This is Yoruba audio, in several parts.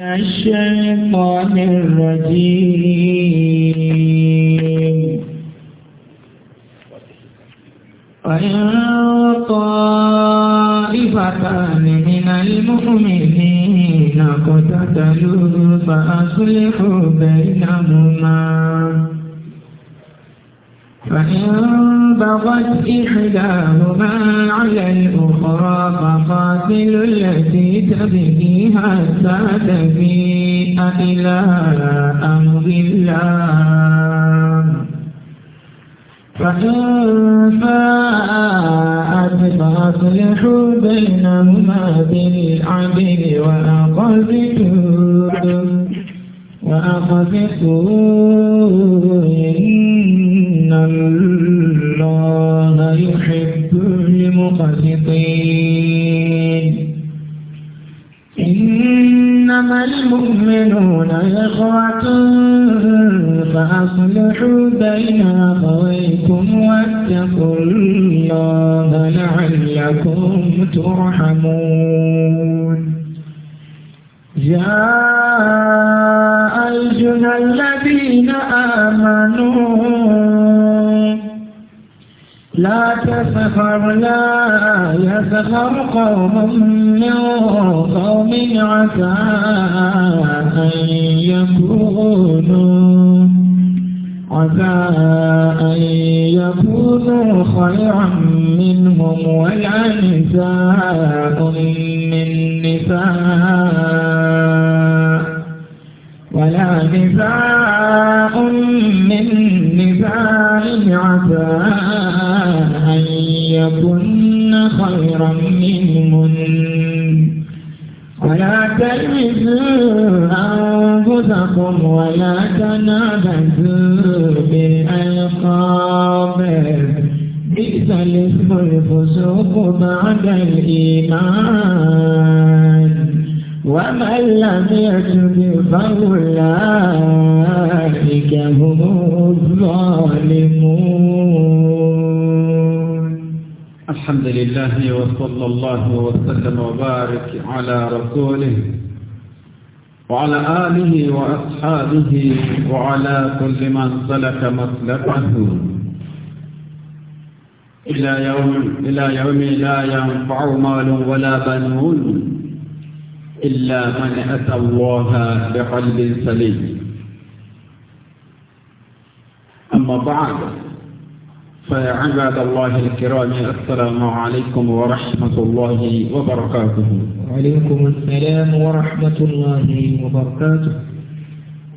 الشيطان الرجيم وإن طائفتان من المؤمنين اقتتلوا فأصلحوا بينهما فإن بغت إحداهما على الأخرى فقاتل التي تبغي حتى تفيء إلى أمر الله فإن فاءت فأصلحوا بينهما بالعدل وأقسطوا وأقسطوا إن الله يحب المقسطين إنما المؤمنون إخوة فأصلحوا بين أخويكم واتقوا الله لعلكم ترحمون يا أيها الذين آمنوا لا تسخر لا يسخر قوم من قوم عسى أن يكونوا عسى أن يكونوا خيرا منهم ولا نساء من نساء ولا نساء من نساء عسى أن يكن خيرا منهن ولا تلمسوا أنفسكم ولا تنابزوا بالألقاب بئس الاسم الفسوق بعد الإيمان ومن لم يتب فأولئك هم الظالمون الحمد لله وصلى الله وسلم وبارك على رسوله وعلى آله وأصحابه وعلى كل من سلك مسلكه إلى يوم إلى يوم لا ينفع مال ولا بنون إلا من أتى الله بقلب سليم أما بعد فيا عباد الله الكرام السلام عليكم ورحمة الله وبركاته وعليكم السلام ورحمة الله وبركاته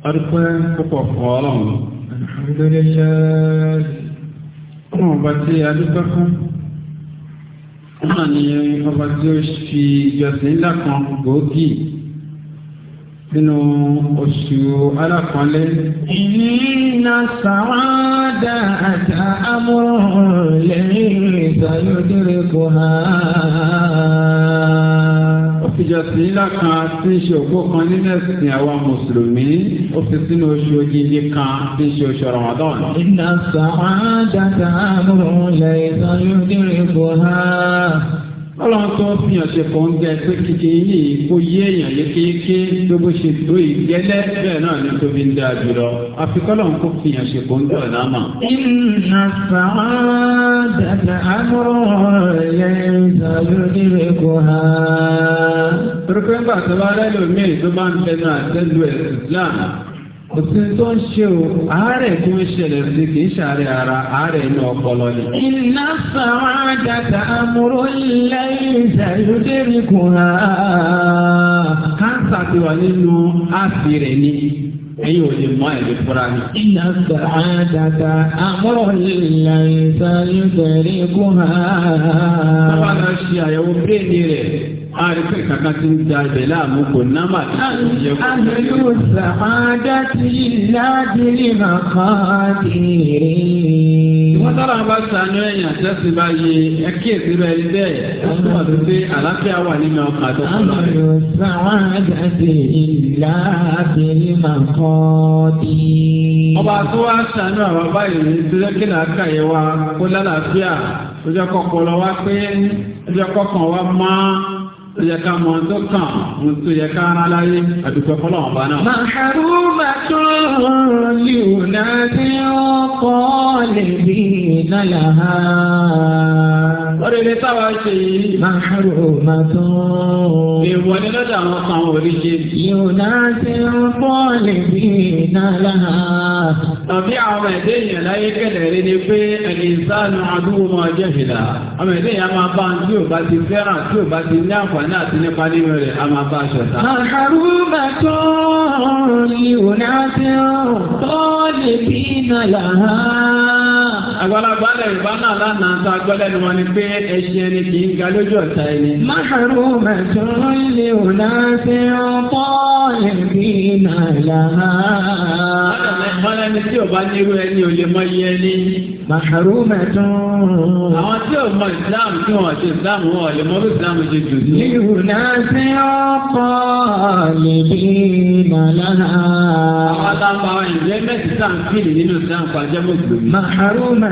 أرقام فقط الحمد لله أنا بسي أدفكم náà ni ọba tí ó fi ìjọsìn ńlá kan gbòógì nínú oṣù alákọ̀ọ́lé. ìrìnà sàrádà àti àmúrò lẹ́yìn ìsàlódé rẹ̀ kò hàn án ìjọsìn ńlá kan tí ń ṣe òpó kan nínú ẹ̀sìn àwa mùsùlùmí ó fi sínú oṣù ojìjì kan tí ń ṣe oṣù Ramadan. iná sàádàtà àmúrò ilẹ̀ ìsọ̀lódìrí kò há. ọlọ́run tó fi hàn ṣe kò ń pé kìkì yìí kò yé èèyàn yékéyéké tó bó ṣe tó ìgẹ́lẹ́ bẹ́ẹ̀ náà ni tóbi ń dáa jùlọ àfikọ́lọ́run kò fi hàn ṣe kò ń dọ̀ náà mà. iná sàádàtà àmúrò ilẹ̀ ìsọ̀lódìrí kò há torípé ńgbà tó bá rẹ́lò míì tó bá ń tẹnu àtẹ́lu ẹ̀ Islam kò sí tó ń ṣe o àárẹ̀ tó ń ṣẹlẹ̀ sí kì í ṣàárẹ̀ ara àárẹ̀ inú ọpọlọ ni. iná sàwọn àjàtà amúró lẹ́yìn ìṣàlùdérí kù hàn án. ti wà nínú áàfì rẹ̀ ni ẹ̀yin ò lè mọ ẹ̀rí fúra ni. iná sàwọn àjàtà amúró lẹ́yìn ìṣàlùdérí kù hàn án. náà ṣe àyẹ̀wò bírèdì rẹ̀ àrífẹ́ kàkà tí ń da ibẹ̀ láàmú kò námà tí ó yẹ kó. àlejò sàmádà ti ládìrí nǹkan dìrì. wọ́n sábà bá sànú ẹ̀yàn tẹ́sí bá yé ẹ kíyèsí rẹ̀ rí bẹ́ẹ̀ ọdún ọdún pé àlàáfíà wà nínú ọkàn tó kọ́ lọ́wọ́. àlejò sàmádà ti ládìrí nǹkan dìrì. ọba tó wá sànú àwọn báyìí ti lẹ́kìnà káyẹ̀ wa kó lálàáfíà ó jẹ́ kọ́kọ́ lọ wá pé ó jẹ́ kọ́kàn wá máa tó yẹ ká mọ tó kàn mo tó yẹ ká ara láyé àdúgbò fọlọ́ ọ̀bá náà. màhàrú bàtò lìwòlá tí ó kọ́ lèbi náyà ha. Orílẹ̀ táwa ṣe yìí. Màhàrú bàtò. Èèwọ̀ ni lọ́dọ̀ àwọn kan oríṣi. Lìwòlá tí ó kọ́ lèbi náyà Tàbí àwọn ẹ̀dẹ́ yẹn láyé kẹlẹ̀ rí ni pé ẹ̀lì ìsánú àdúgbò máa jẹ́ ìlà. Àwọn ẹ̀dẹ́ yẹn máa bá ń tí ò bá ti fẹ́ràn tí ò bá ti ní àǹfààní àǹfààní àti nípa nínú rẹ̀ a máa bá aṣọ ta. àhàrú bàtọ́ ìwò náà ti hàn tó bí iná làhá. àgbàlagbà lẹ́rùbá náà lánàá tá a ni wọ́n ní pé ẹṣin ẹni kì í ga lójú ọ̀tá ẹni. àhàrú bàtọ́ ìwò náà ti hàn tó lè bí iná làhá. mọ́lẹ́ ni tí ò bá nírú ẹni ò lè mọ iye ẹni. àhàrú bàtọ́. àwọn tí ò mọ ìsìláàmù tí wọ́n ṣe ìsìláàmù wọn ò lè mọ bí ṣe jù sí. يهدينا صراطا خالدين لها محرومة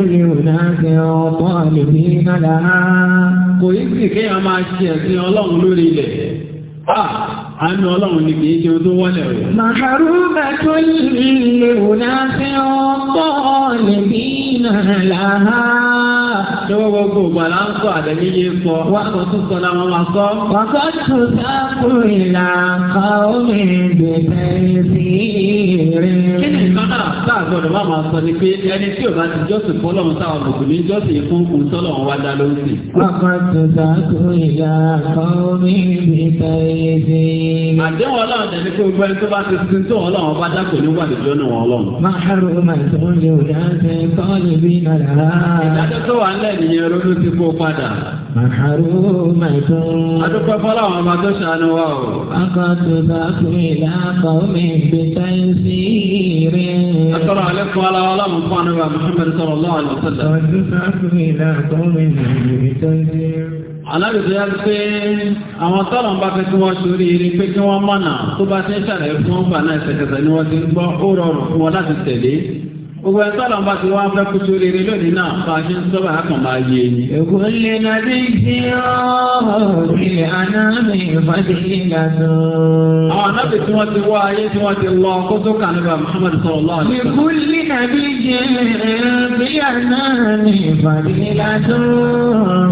يهدينا صراطا خالدين لها kò yí sì kéèyàn máa ṣe ẹ̀sìn ọlọ́run lórí ilẹ̀ Àánú ọlọ́run ni kìí ṣe ohun tó wọ́lẹ̀ rẹ̀. Màkàrú bàtọ́ ilé òná fi ọkọ̀ níbí náà láhá. Ṣé wọ́n gbogbo ògbà là ń sọ àdẹ̀mí yé sọ? Wọ́n sọ tún sọ láwọn máa sọ. Wàkọ́ tó sáàpù ìlà kàómi bẹ̀rẹ̀ sí rẹ̀. Kí ni nǹkan náà tá a gbọ́dọ̀ máa máa sọ ni pé ẹni tí ò bá ti jọ́sìn fún ọlọ́run táwọn bùkún ní jọ́sìn fún òun tọ́lọ̀ wá dá lórí. Wàkọ́ tó sáàpù ìlà kàómi bẹ̀rẹ̀ sí rẹ̀ àdéhùn ọlọ́run tẹ̀lé pé gbogbo ẹni tó bá ti tuntun tó ọlọ́run bá dákò ní wà lójú ọ̀nà ọlọ́run. máa ṣàrò máa ń sọ̀rọ̀ ní òde àti kọ́ọ̀lù bí nàrà. ìdájọ́ tó wà nílẹ̀ nìyẹn ronú ti kó padà. máa ṣàrò máa ń sọ̀rọ̀. adúpẹ́ fọláwọn ọba tó ṣàánú wa o. akọ́tù bá kú ìlàkọ̀ mi gbé sáyẹ́nsì rẹ̀. akọ́rọ̀ alẹ́ fún ala ọlọ́run fún anábà Muhammad sọ̀rọ̀ lọ́wọ́ alábìsọ yá pé àwọn tọ́lọ̀ Gbogbo ẹ̀sọ́lọ̀ bá ti wá fẹ́ kú tó rere lónìí náà fa ṣe ń sọ́bà ákàn máa yé ni. Èkó lè na bí sí ọ̀rọ̀ ilẹ̀ anáàmì ìfàdílé lánà. Àwọn anábì tí wọ́n ti wá ayé tí wọ́n ti lọ kó tó kà nígbà Muhammad sallallahu alaihi wasallam. Èkó lè na bí jẹ́ bí anáàmì ìfàdílé lánà.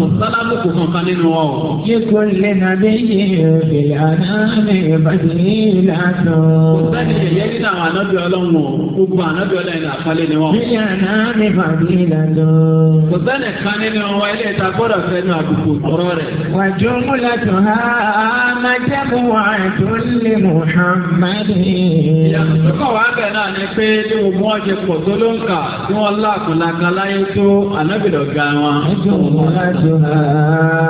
Kò sálábù kò kankan nínú wa o. lè na bí jẹ́ anáàmì ìfàdílé lánà. Kò lé ni wọ́n. Bíyà náà ní fàbí ìlànà. Kò sẹ́nì kan nínú wọn ilé ìta gbọ́dọ̀ fẹ́nu àdúgbò sọ̀rọ̀ rẹ̀. Wàjú múlá tó há àmàjẹ́bù wà tó lè Mùhàmmádì. Ìyàtọ̀ wà bẹ̀ náà ni pé ní gbogbo wọn pọ̀ tó ló ń kà tí wọ́n láàkùn lága láyé tó ànábìlọ̀ ga wọn. Wàjú múlá tó há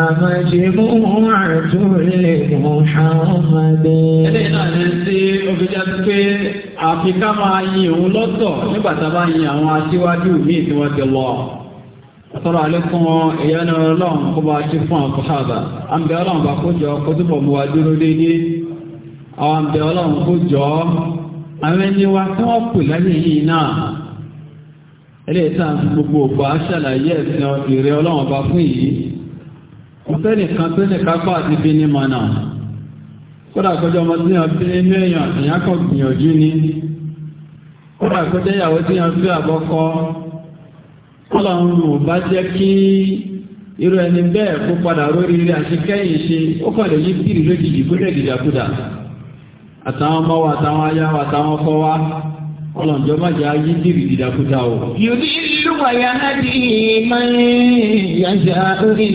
àmàjẹ́bù wà tó lè Mùhàmmádì. Ẹlẹ́yìn náà ni sí obìnrin àfi ká máa yin òun lọ́tọ̀ nígbà tá a bá yin àwọn aṣíwájú míì tí wọ́n ti lọ. Àtọ́rọ̀ àlékún ìyanu ọlọ́run kó bá ṣe fún àkọ́hábà. À ń bẹ ọlọ́run bá kó jọ kó túbọ̀ mú wa dúró déédéé. Àwọn àǹbẹ ọlọ́run kó jọ àwọn ẹni wa tí wọ́n pè láyé yìí náà. Eléyìí tá à fi gbogbo ògbà ṣàlàyé ẹ̀sìn ìrẹ́ ọlọ́run bá fún yìí. Kò sẹ́nìkan tó ní kápá bí ní mọ̀ kódà kọjọ ọmọ tí fi inú èèyàn èèyàn kan gbìyànjú ni kódà ìyàwó tí wọ́n fi àbọ́kọ́ ọlọ́run ò bá jẹ́ kí irú ẹni bẹ́ẹ̀ kó ṣe ó kàn lè yí lójijì kó àtàwọn ọmọ àtàwọn àtàwọn ọkọ wa dìrì o. láti máa yànjá orí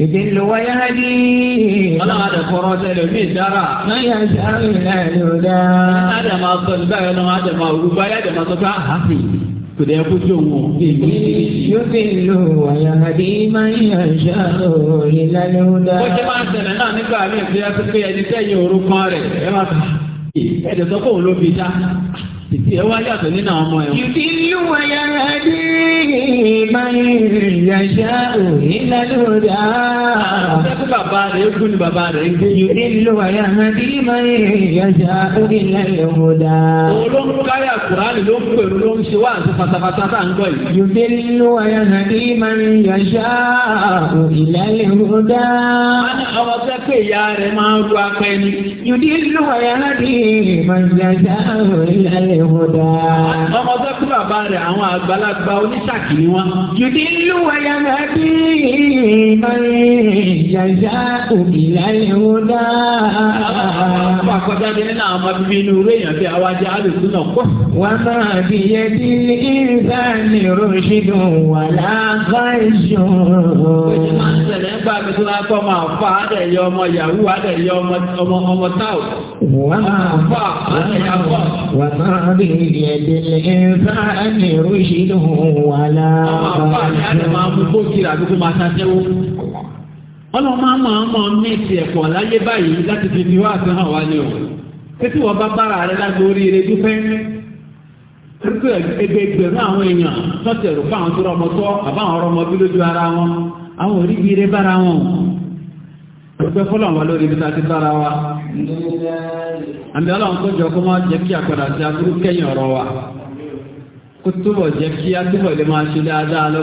يدل ويهدي ولا هذا فرصة لمن درى من يشاء من الهدى هذا ما صلبا هذا ما وقبا هذا ما صفا حفي kòdì ẹkú tó wọn. yóò fi lò wàyàdì máa ń yànjá òòrè lálẹ́ ó dáa. bójú máa ń ṣẹlẹ̀ náà nígbà míì fi ẹsẹ̀ pé ẹni sẹ́yìn orúkọ rẹ̀ ẹ máa fi ẹ̀jẹ̀ sọ fóun ló fi dá. Títí ẹ yàtọ̀ nínú àwọn ọmọ ẹ̀. Yìí ló dé, máa ń yànjá òòrè lálẹ́ bàbá rẹ̀ gún ni bàbá rẹ̀ gbé yìí. Èdè ìlú wà yà máa bí mọ́ ìyànjá orí ilẹ̀ ìlú dá. Olóhùn káyà Kùránì ló ń pèrò ló ń ṣe wá àti fatafata tá à ń gbọ́ yìí. Èdè ìlú wà yà máa bí mọ́ ìyànjá orí ilẹ̀ ìlú dá. Àwọn ọ̀sẹ̀ pé ìyá rẹ̀ máa ń ru apẹ́ ni. Èdè ìlú wà orí ilẹ̀ ìlú dá. Ọmọ ọ̀sẹ̀ pé bàbá rẹ̀ àwọn àgbàlagbà oníṣàkì ni wọ́n. Èdè ìlú wà yà máa bí mọ́ ìyànjá já òbí láyé ó dá. Àwọn akọ́jáde nínú àwọn ọmọ bíbí inú orí èèyàn bí awájá àlùkù náà pọ̀. Wọ́n máa fi yẹ tí ìsáni ròṣìdùn wà láàbá Oṣù máa ń tẹ̀lé nípa tó lápọ̀ máa fà á ọmọ yahoo á ọmọ ọmọ táwù. Wọ́n máa fà á dẹ̀ Wọ́n máa fi yẹ tí ìsáni ròṣìdùn wà láàbá Àwọn àpá àti àti máa mú bó ọlọ́run máa mọ̀ ní ìsì ẹ̀kọ́ láyé báyìí láti fi fi wá àfihàn wa ni o títí wọ́n bá bára rẹ lágbo oríire dúpẹ́ títí ẹgbẹgbẹ̀rún àwọn èèyàn tọ́tí ẹ̀rù fáwọn tó rọmọ tọ́ àbáwọn rọmọ bí lójú ara wọn àwọn oríire bára wọn dúpẹ́ fọlọ́n wa lórí ibi tá a ti bára wa àmì ọlọ́run tó jọ kó má jẹ́ kí àpàdà sí aburú kẹ́yìn ọ̀rọ̀ wa kó túbọ̀ jẹ́ kí á túbọ̀ lè máa ṣe dáadáa lọ́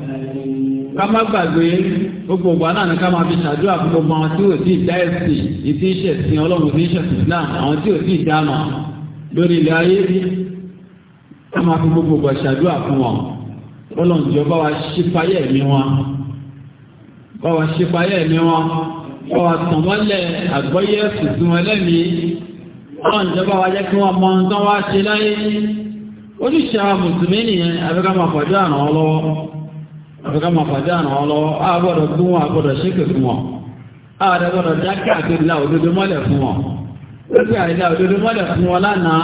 Kama má gbàgbé gbogbo ìgbà náà ni ká máa fi ṣàdúrà fún gbogbo àwọn tí ò tí ì dá ẹ̀sìn ìtí ìṣẹ̀sìn ọlọ́run tí ìṣẹ̀sìn Islam àwọn tí ò tí ì dáná lórí ilẹ̀ ayé ká máa fi gbogbo ìgbà ṣàdúrà fún wọn ọlọ́run jọ bá wa ṣípayé ẹ̀mí wọn bá wa ṣípayé ẹ̀mí wọn bá wa tàn mọ́lẹ̀ àgbọ́yé ẹ̀sìn sí wọn lẹ́mìí ọlọ́run jọ bá wa jẹ́ kí wọ́n mọ ohun wá ṣe láyé oníṣẹ́ àwọn mùsùlùmí nìyẹn àbíká máa pàdé àrùn ọlọ́wọ́ àfikà máa fàjá àrùn wọn lọ́wọ́ a gbọ́dọ̀ gún wọn a gbọ́dọ̀ ṣíkè fún wọn a gbọ́dọ̀ jákè àti ìlà òdodo mọ́lẹ̀ fún wọn lókè àìlà òdodo mọ́lẹ̀ fún wọn lánàá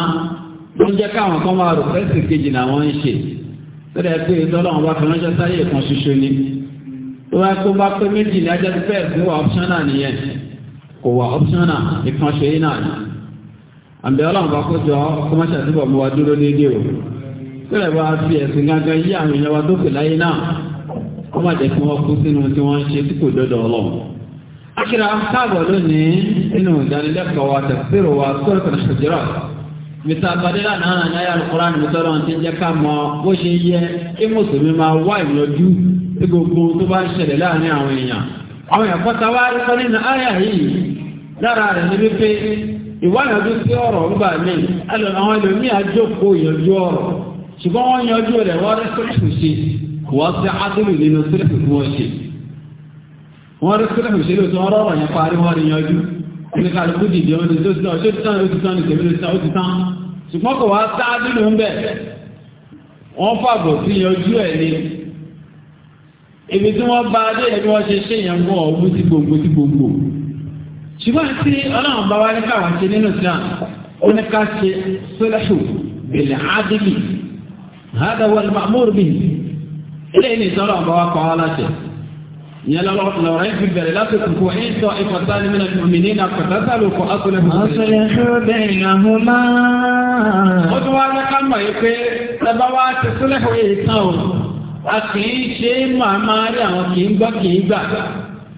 ló ń jẹ́ káwọn kan máa rò fẹ́sì kejì làwọn ń ṣe lọ́dẹ̀ pé ìtọ́lọ́wọ́n bá fi ránṣẹ́ sáyé kan ṣoṣo ni tó wá kó bá pé méjì ní ajá pípẹ́ ẹ̀sìn wà optional wa dúró déédéé o tó lè bá kó má jẹ́ kí wọ́n kú sínú tí wọ́n ń ṣe tí kò dọ́dọ̀ ọlọ́run. akíra káàbọ̀ lónìí nínú ìdánilẹ́kọ̀ọ́ wa tẹ̀síro wa sọ́ọ̀tàn ṣòjúrà mr abadela náà náírà alukoran mùsọ̀rọ̀ ti ń jẹ́ ká mọ bó ṣe yẹ kí mùsùlùmí máa wá ìyànjú tí gbogbo tó bá ń ṣẹlẹ̀ láàrin àwọn èèyàn àwọn èèyàn kọ́ta wá rí sọ́nì ní àyà yìí lára rẹ̀ ní wípé ìwáyànjú sí ọ̀rọ̀ ń gbà mí àwọn ẹlòmíà jókòó ìyànjú ọ̀rọ̀ ṣùgbọ́n wọ́n yanjú rẹ̀ wọ́n rí sọ́nì kò wá sí ádùnú nínú sílẹ̀kì tí wọ́n ṣe wọ́n rí sílẹ̀kì ṣe lóòtọ́ ọ̀rọ̀ ọ̀rọ̀ yẹn parí wọ́n rí yanjú ní kálukú dìde wọn ni tó ti tán ó ti tán ó ti tán ní tèmi ló ti tán ṣùgbọ́n kò wá sí ádùnú ń bẹ̀ wọ́n fàbọ̀ sí yanjú ẹ̀ ni ibi tí wọ́n bá dé ẹni wọ́n ṣe ṣe yẹn fún ọ̀hún sí gbogbo sí gbogbo ṣùgbọ́n tí ọlọ́run bá wá ní káwọn eléyìí ní sọ́rọ̀ àbáwá kan aláṣẹ ìyẹn lọ́rọ̀ ẹ̀ fi bẹ̀rẹ̀ lásìkò kò ní sọ ìfọ̀tá ní mílẹ̀ mi ní àkọ́tàtà ló kọ́ akọlẹ̀ fún mi. ọ̀sẹ̀ ṣùgbọ́n ìyàwó máa. ó tún wá ní ká mọ̀ yìí pé tẹ́bá wá ti sílẹ̀ fún èyí o a kì í ṣe é máa máa rí àwọn kì í gbọ́ kì í gbà.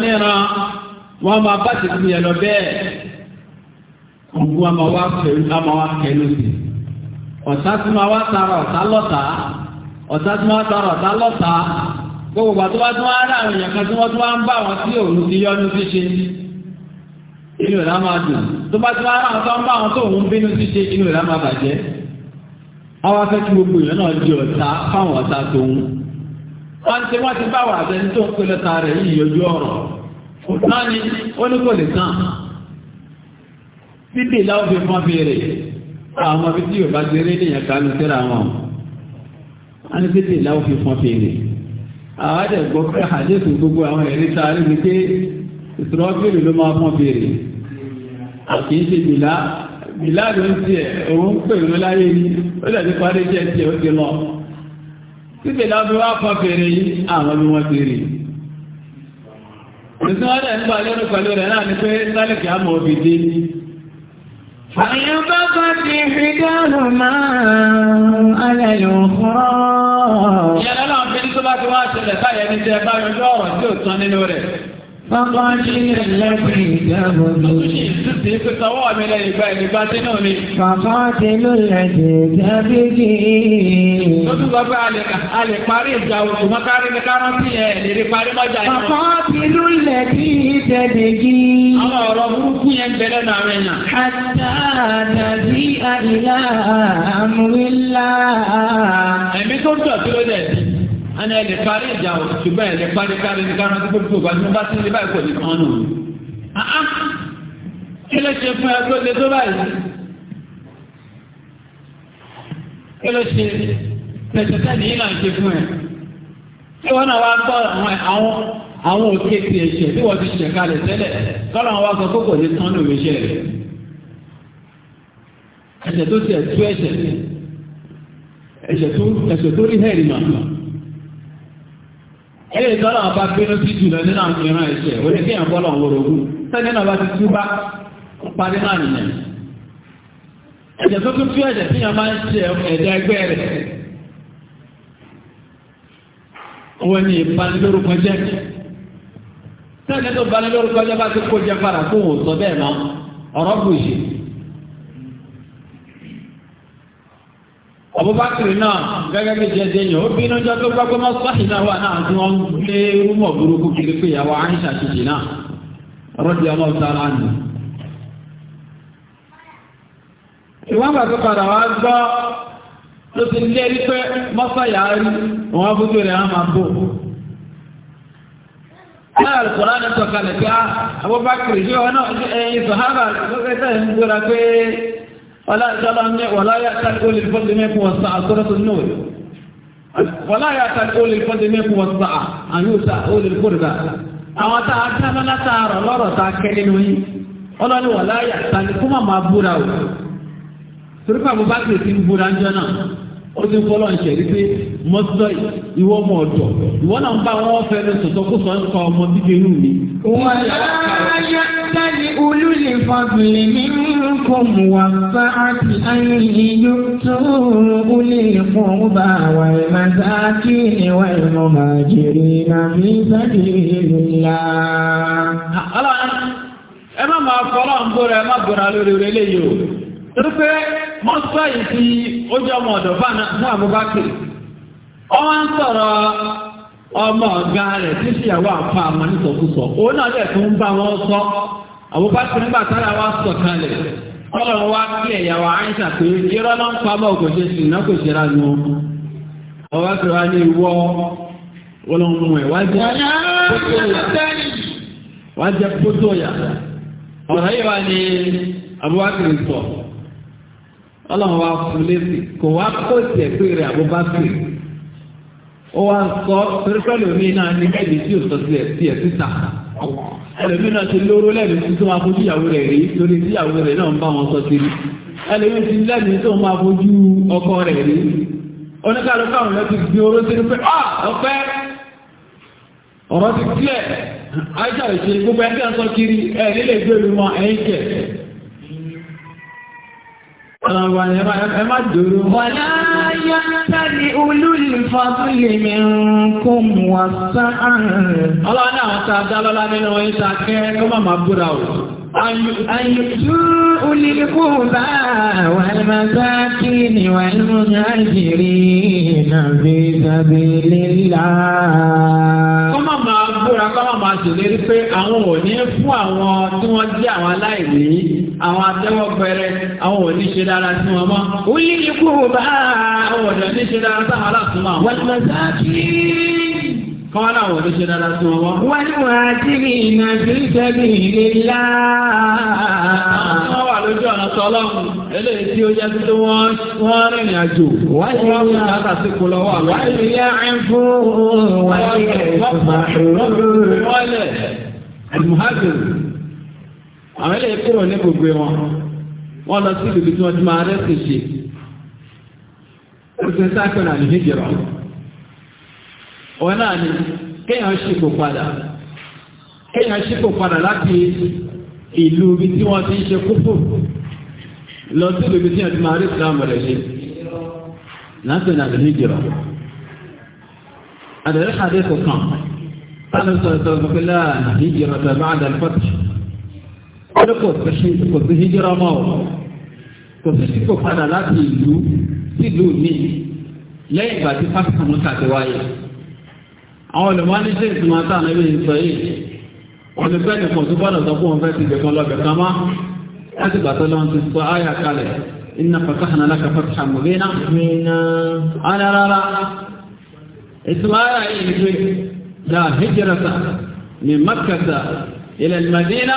níran ma máa bá ti fi lọ ogun a máa kẹlu ọ̀tá tí wá tara ọ̀tá lọ́ta ọ̀tá tí máa tara ọ̀tá lọ́ta gbogbo àti wọ́n tí wọ́n rà àwọn èèyàn kan tí wọ́n tí ń bá wọn sí òun ti inú ìlà máa dùn tó bá tí àwọn ń bá wọn tó òun bínú wọ́n ti wọ́n ti bá wà àtẹni tó ń pèlè ta rẹ̀ yìí yọjú ọ̀rọ̀ kò tán ni ó ní kò lè tán títí láwọn fi fọ́n fi rè àwọn ọmọ bí tí yóò bá ti rí nìyẹn kánú a ní títí láwọn fi fọ́n fi rè àwọn àdẹ̀gbọ́ pé àdéhùn gbogbo àwọn ẹ̀rí ta rí ni pé ìṣòro ọ̀gbìn ló máa fọ́n fi rè àti ń ṣe bìlá bìlá ló ń tiẹ̀ òun pè láyé ni ó dẹ̀ Títẹ̀ lábí wá kan fèrè yìí, àwọn bí wọ́n fèrè. Ìsìn wọ́n dẹ̀ ń gbà lérò pẹ̀lú rẹ̀ náà ni pé sálẹ̀kì àmọ̀ òbí dé. Àyàn bá bá ti fi dáhùn máa alẹ́lò fúnra. Ìyẹn lọ́nà fi ní tó bá ti wá ṣẹlẹ̀ báyẹn ní tẹ bá yọjú ọ̀rọ̀ tí ò tán nínú rẹ̀. Fọ́fọ́ṣí lẹ́bí ìjẹ́bùdó. Ìsìsì ìpẹ́sọ̀wọ́ mi lẹ ìgbà ìgbà tí náà ni. Fọ́fọ́ṣí ló lẹ́bí ìjẹ́bùdó. Tó tún sọ pé a lè parí ìjà òkú mọ́kárí ní kárọ́tì ẹ̀ lè rí parí mọ́jà yẹn. Fọ́fọ́ṣí ló lẹ́bí ìjẹ́bùdó. Àwọn ọ̀rọ̀ burúkú yẹn bẹ̀rẹ̀ náà rẹ̀ yàn. Àtà àìlá àmúrílá. Ẹ̀mí tó ń tọ̀ sí ló dẹ̀ sí ẹni ẹ lè parí ìjà o ṣùgbọ́n ẹ lè parí kárí ní kárántí gbogbo ìgbà tí wọ́n bá ti ní báyìí kò ní kan nù. kí ló ṣe fún ẹ tó le tó báyìí? kí ló ṣe pẹ̀sẹ̀tẹ̀ ní ìlànà ṣe fún ẹ? tí wọ́n náà wá gbọ́ àwọn àwọn òkè tí ẹ ṣe tí wọ́n ti ṣe kalẹ̀ tẹ́lẹ̀ kọ́lọ́ wọn wá sọ pé ní kan nù méṣẹ́ rẹ̀. ẹ̀ṣẹ̀ tó ti ẹ̀ tú ẹ̀ṣẹ̀ ẹ̀ṣẹ̀ tó rí hẹ́rì màmá. ẹ̀rẹ́ ìtọ́lọ̀ ọba bínú sí jùlọ nínú àwọn ìran ẹ̀ṣẹ̀ orí kí ẹ̀kọ́lọ̀ wòrògùn bá ti tú bá parí náà nìyẹn ẹ̀jẹ̀ tó tún fí ẹ̀jẹ̀ tí máa ń ṣe ẹ̀jẹ̀ ẹgbẹ́ rẹ̀ wọ́n Abubakar náà gẹ́gẹ́ bí jẹjẹ yìí ó bínú jọ tó náà wà náà tí wọ́n rúmọ̀ burúkú kiri pé ìyàwó náà rọ́dí ọmọ sára nù. ìwọ́n bàtú padà wá gbọ́ ló ti lérí pé mọ́sáyà rí wọn abúlé rẹ̀ á máa bò. pé yìí ah, eh, ló fẹ́ sẹ́yìn pé. ولا يأتل أولي الفضل منكم والسعة سورة النور ولا يأتل أولي الفضل منكم والسعة أن يؤتى أولي القربى àwọn tá a dáná látàárọ̀ lọ́rọ̀ tá a kẹ́ nínú yín ọlọ́ni wà láyà tani kó má máa búra o torí pàbó bá tètè ń búra ó ti ń fọlọ́ ń ṣẹ̀rí pé mọ́tò ọmọ ọ̀dọ̀ ìwọ náà ń bá wọn fẹnu sọ̀tọ̀ kó sọ ọmọ bíbí wọ́n tẹ́lẹ̀ olúlé fọ́bìnrin mi ń kó mu wá bá àti ayé tó olè fún bá wà kí ni wà jèrè ẹ má máa fọlọ́ ń bọ̀rọ̀ ẹ má bọ̀rọ̀ léyìí torí pé mọ́tò yìí ti ojú ọmọ ọ̀dọ̀ bá mú Abubakar ọmọ ń sọ̀rọ̀ ọmọ ọ̀gá rẹ̀ tí ìṣìyàwó àfa àmọ́ nítòkúsọ òun náà dẹ̀ ń bá wọn sọ Abubakar nígbà tára wa sọ̀ kalẹ̀ ọlọ́run wa kí irọ́ náà ń ṣe náà kò ṣe ra nù ní ìwọ ọlọ́run ẹ̀ ọ̀rọ̀ yìí wá ní Abubakar sọ̀rọ̀. ọlọ́run wa fún lẹ́sì kò wá kó tiẹ̀ pé rẹ̀ Abubakar ó wá sọ pẹ̀lú mi náà ní bẹ́ẹ̀ni tí ò sọ tiẹ̀ tiẹ̀ síta ẹlòmí náà ti lóró lẹ́nu tó máa fojú ìyàwó rẹ̀ rí torí tí ìyàwó rẹ̀ náà ń bá wọn sọ sí rí ẹlòmí ti lẹ́nu tó máa fojú ọkọ rẹ̀ rí oníkàlùkà àwọn ọ̀rẹ́ ti gbé oró sínú pé ah ọ̀pẹ́ ọ̀rọ̀ ti kílẹ̀ ajá ìṣe gbogbo ẹgbẹ́ sọ kiri ẹ̀ nílẹ̀ ìgbèrú wọn ẹ̀yìn kẹ̀ Ẹ má dòrò. Wàlá yá tàbí olúlùfàbílì mi kò mú wá sáà. Ọlọ́run náà ta dálọ́lá nínú ìta kẹ́ kó má máa búra o. Àyùjú olílùkù bá wàlmàsákìnì wàlmùjáìjìrì náà fi tàbí lílá. Kó má máa búra kó má máa ṣèlérí pé àwọn ò ní fún àwọn tí wọ́n jẹ́ àwọn aláìní àwọn atẹ́wọ́ pẹ̀rẹ̀ àwọn òní ṣe dára sí wọn mọ́. ó lé ikú bá àwọn ọ̀dọ́ ní ṣe dára sáwọn aláàtúmọ̀ àwọn ọ̀dọ́ kọ́wọ́n náà wọ́n ló ṣe dára sí wọn. wọ́n ní wọ́n á ti rí iná sí ìṣẹ́bí ilé ńlá. wọ́n wà lójú ọ̀nà tọ́lọ́mù eléyìí tí ó jẹ́ títí wọ́n wọ́n rìnrìn àjò. wọ́n ti wọ́n fi dáta sí kó lọ́wọ́ àlọ́. wọ́n ti àwọn ilé kúrò ní gbogbo wọn wọ́n lọ sí ìlú tí wọ́n ti máa rẹ́sì ṣe òṣìṣẹ́ sáàkùn náà nìyí jẹ̀rọ wọn náà ni kéèyàn ṣípò padà kéèyàn ṣípò padà láti ìlú ibi tí wọ́n ti ń ṣe kúfù lọ sí ìlú ibi tí wọ́n ti máa rẹ́sì láàmù rẹ̀ ṣe láti náà nìyí jẹ̀rọ àdàrí àdéhùn kan tánú sọ̀rọ̀ láà nìyí jẹ̀rọ ọdún kò sí hijira mọ́ ọ kò sí sípò padà láti ìlú sílùú mi lẹ́yìn ìgbà tí pásítọ̀ mọ́ta ti wáyé àwọn olùmọ́ni ṣe ìtumọ̀ àtàwọn ẹgbẹ́ ìsọ yìí olùfẹ́ni kan tó bọ́dọ̀ sọ fún wọn fẹ́ ti bẹ̀ kan lọ́bẹ̀ kan mọ́ láti gbà tó lọ́n ti sọ áyà kalẹ̀ inna fatahna laka fathan mubina ana rárá ìtumọ̀ áyà yìí ni pé la hijrata min makkata ila al-madina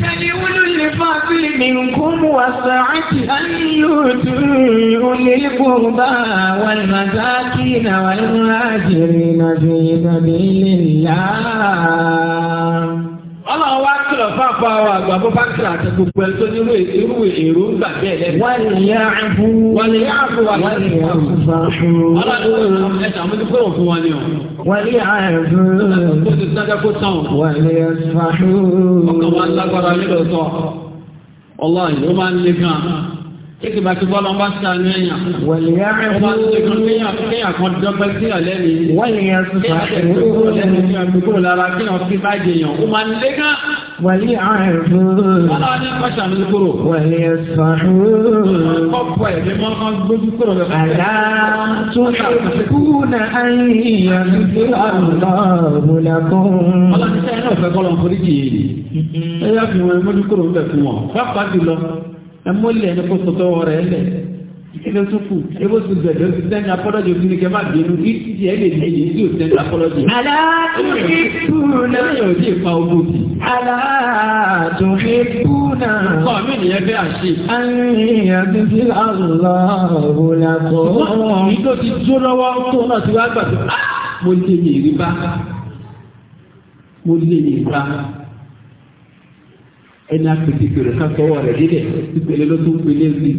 لأولو الفضل منكم والسعة أن يؤتوا أولي القربى والمساكين والمهاجرين في سبيل الله ọlọ́run wá kìlọ̀ fáfá wa àgbà bó bá kìlọ̀ àti gbogbo ẹ̀ tó nírú irú èrò ń gbà bẹ́ẹ̀ lẹ́nu. wọ́n lè yá àbú wọ́n lè yá àbú wà láti wà fún un. ọlọ́run ẹ̀sà mo ti fẹ́ òfin wọn ni o. wọ́n lè yá àbú. kó ti sájà kó tán o. wọ́n lè yá fàáhùn. ọkàn wa lágbára nílò sọ. ọlọ́run ló máa ń le gan Kíkì bá ti bọ́ lọ bá sànú èèyàn. Wẹ̀lìyà rẹ̀ fún mi. Kéèyàn kan dọ́gbẹ́ sí ọ̀lẹ́ mi. Wẹ̀lìyà sùfà ẹ̀rọ lẹ́nu ní àdúgbò lára kéèyàn fi bá jẹyàn. Ó máa ń lé gán. Wẹ̀lìyà rẹ̀ fún mi. Wọ́n lọ ní kọ́ṣà mi kúrò. Wẹ̀lìyà sùfà ẹ̀rọ. Kọ́pọ̀ ẹ̀ lè mọ́ kan gbójú kúrò lọ. Àlá tó kúnà ayíyàn ní àlùlọ́ọ̀mùlákùn. Ọlọ́run ẹmọ́lẹ̀ ẹni kó sọ́tọ́ ọ̀rẹ́ ẹlẹ̀ ìkẹ́lẹ́ tó kù ẹgbó tó gbẹ̀dẹ̀ ti sẹ́ni apọ́lọ́dì òfin nìkẹ́ má bínú kí títí ẹ lè lè yìí tí ò sẹ́ni apọ́lọ́dì. aláàtúnfẹ́kùnà yóò dé ipa ogun bi. aláàtúnfẹ́kùnà. ọkọ mi nìyẹn fẹ́ àṣe. àníyàn ti fi aláwọ̀ làkọ́. ìwọ́n mi ti jó tó náà ti wá gbà ah! mo lè yèrè bá ẹni apètìpè rẹ̀ kásọ̀wọ́ rẹ̀ dídẹ̀ ìpele ló tún pele sí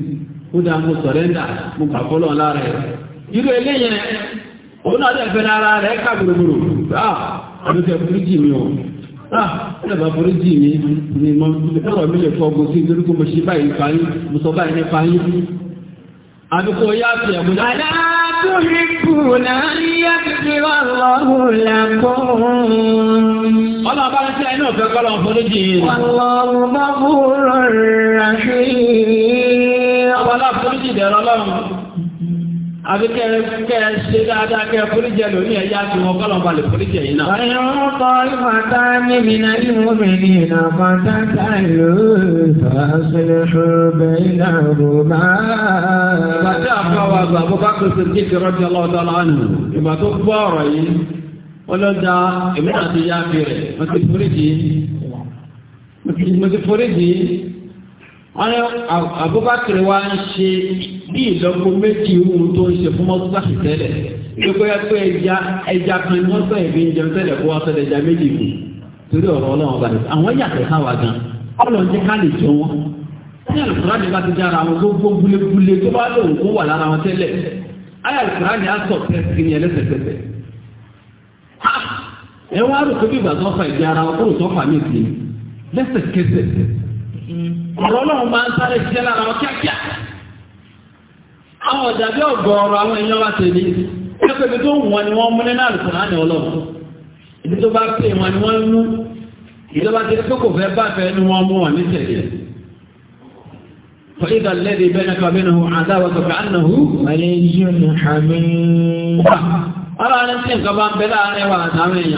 ó dáa mo sọ̀rẹ́ndà mo gbà fọ́lọ́ lára irú eléyẹn òun náà dẹ̀fẹ́ ara rẹ ká gbogbo ah ọdún tẹ fúrújì mi o ah ọdún tẹ fúrújì mi ni mo mi lè sí mo ṣe báyìí nípa yín mo sọ báyìí nípa yín yá náà. تحبون أن يغفر الله لكم Ọlọ́ọ̀bá rántí ẹni ọ̀fẹ́ kọ́lọ̀ ọ̀fọ́lójì. Wallahu ghafurur rahim. Ọba àbí kẹ́ ẹ ṣe dáadáa kẹ́ ẹ foríjẹ lórí ẹ̀yà tí wọn kọ́lọ̀ balẹ̀ foríjẹ yìí náà. ọ̀yọ́ kọ́ ìfàtà níbi náà ní mo bèrè náà fàtà táìlò ìfàṣẹlẹ̀ ṣọ́ọ̀bẹ̀ náà rò máa. bàtà àfọwọ́ àgbà bó bá kóso kí ti rọ́bì ọlọ́dọ́ lánàá ìgbà tó gbọ́ ọ̀rọ̀ yìí ọlọ́dà èmi náà ti yá fi rẹ̀ mo ti foríjì mo ti foríjì. ọ̀yọ́ àbúbákiri wa ń ṣe ní ìlọ́po méjì ohun tó ń ṣe fún mọ́tòsáfì tẹ́lẹ̀ tó pé pé ẹja ẹja kan ni wọ́n sọ ìbí ń jẹun tẹ́lẹ̀ kó wọ́n sọ ẹja méjì kù torí ọ̀rọ̀ ọlọ́run ọba rẹ̀ àwọn yàtọ̀ káwa gan ọlọ́run jẹ́ ká lè jọ wọn ní àlùkùránì bá ti dára àwọn tó gbó gúlégúlé tó bá lòun kó wà lára wọn tẹ́lẹ̀ ayé àlùkùránì á sọ tẹ́sí ní ẹlẹ́sẹ̀tẹ̀sẹ̀ ẹ wá rò tóbi ìgbà tó ń fa ìdí ara wọn kó rò tó fà mí sí lẹ́sẹ̀kẹsẹ̀ mm-hmm. ọ̀rọ̀ ọlọ́run máa ń sáré ṣiṣẹ́ lára wọn kíákíá àwọn ọ̀dàbí ọ̀gọ̀ọ̀rọ̀ àwọn èèyàn wá tèmi ẹgbẹ́ ibi tó wọ́n ni wọ́n mú nínú àlùkò náà ní ọlọ́run ibi tó bá pè wọn ni wọ́n ń mú ìjọba ti pé kò fẹ́ bá fẹ́ ni wọ́n mú wọn ní tẹ̀lé فإذا الذي بينك وبينه عداوة كأنه ولي حميم أرى أن تنقبان بلا أرى وأتامين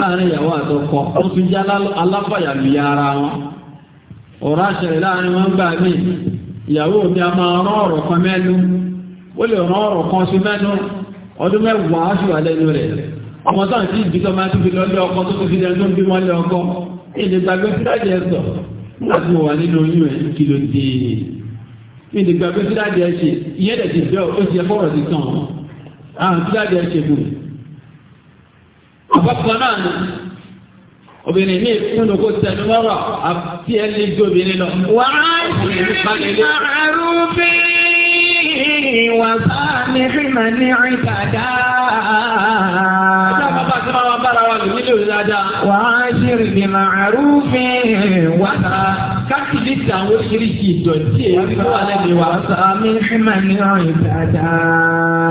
láàrin ìyàwó àtọkọ ó fi jẹ́ ya ara wọn ọ̀rọ̀ àṣẹrẹ̀ láàrin wọn gbà mí ìyàwó mi a máa rán ọ̀rọ̀ kan mẹ́nu ó lè rán ọ̀rọ̀ kan sí mẹ́nu ọdún mẹ́wàá ṣù wà lẹ́nu rẹ̀ ọmọ tán sí ìbíkọ́ máa fi lọ́lé ọkọ tó fi lẹ́nu bí wọ́n lé ọkọ gbàgbé ẹ sọ wà nínú oyún ṣe ìyẹ́dẹ̀ ti ó ti ẹ fọ́rọ̀ àpapọ̀ náà ni obìnrin ní ìfúnnu kó tẹnu mọ́rọ̀ àti ẹni ju obìnrin lọ. wà á ṣe àrùn bí wà bá mi fi mà ní ìdàdá. ọjọ́ bàbá tí wọ́n bára wa lò nílò dáadáa. wà á ṣe rìndì màrún bí wà bá káàkiri ti àwọn oríṣiríṣi ìdọ̀tí èyí tó wà lẹ́nu wa. wà á ṣe fi mà ní ìdàdá.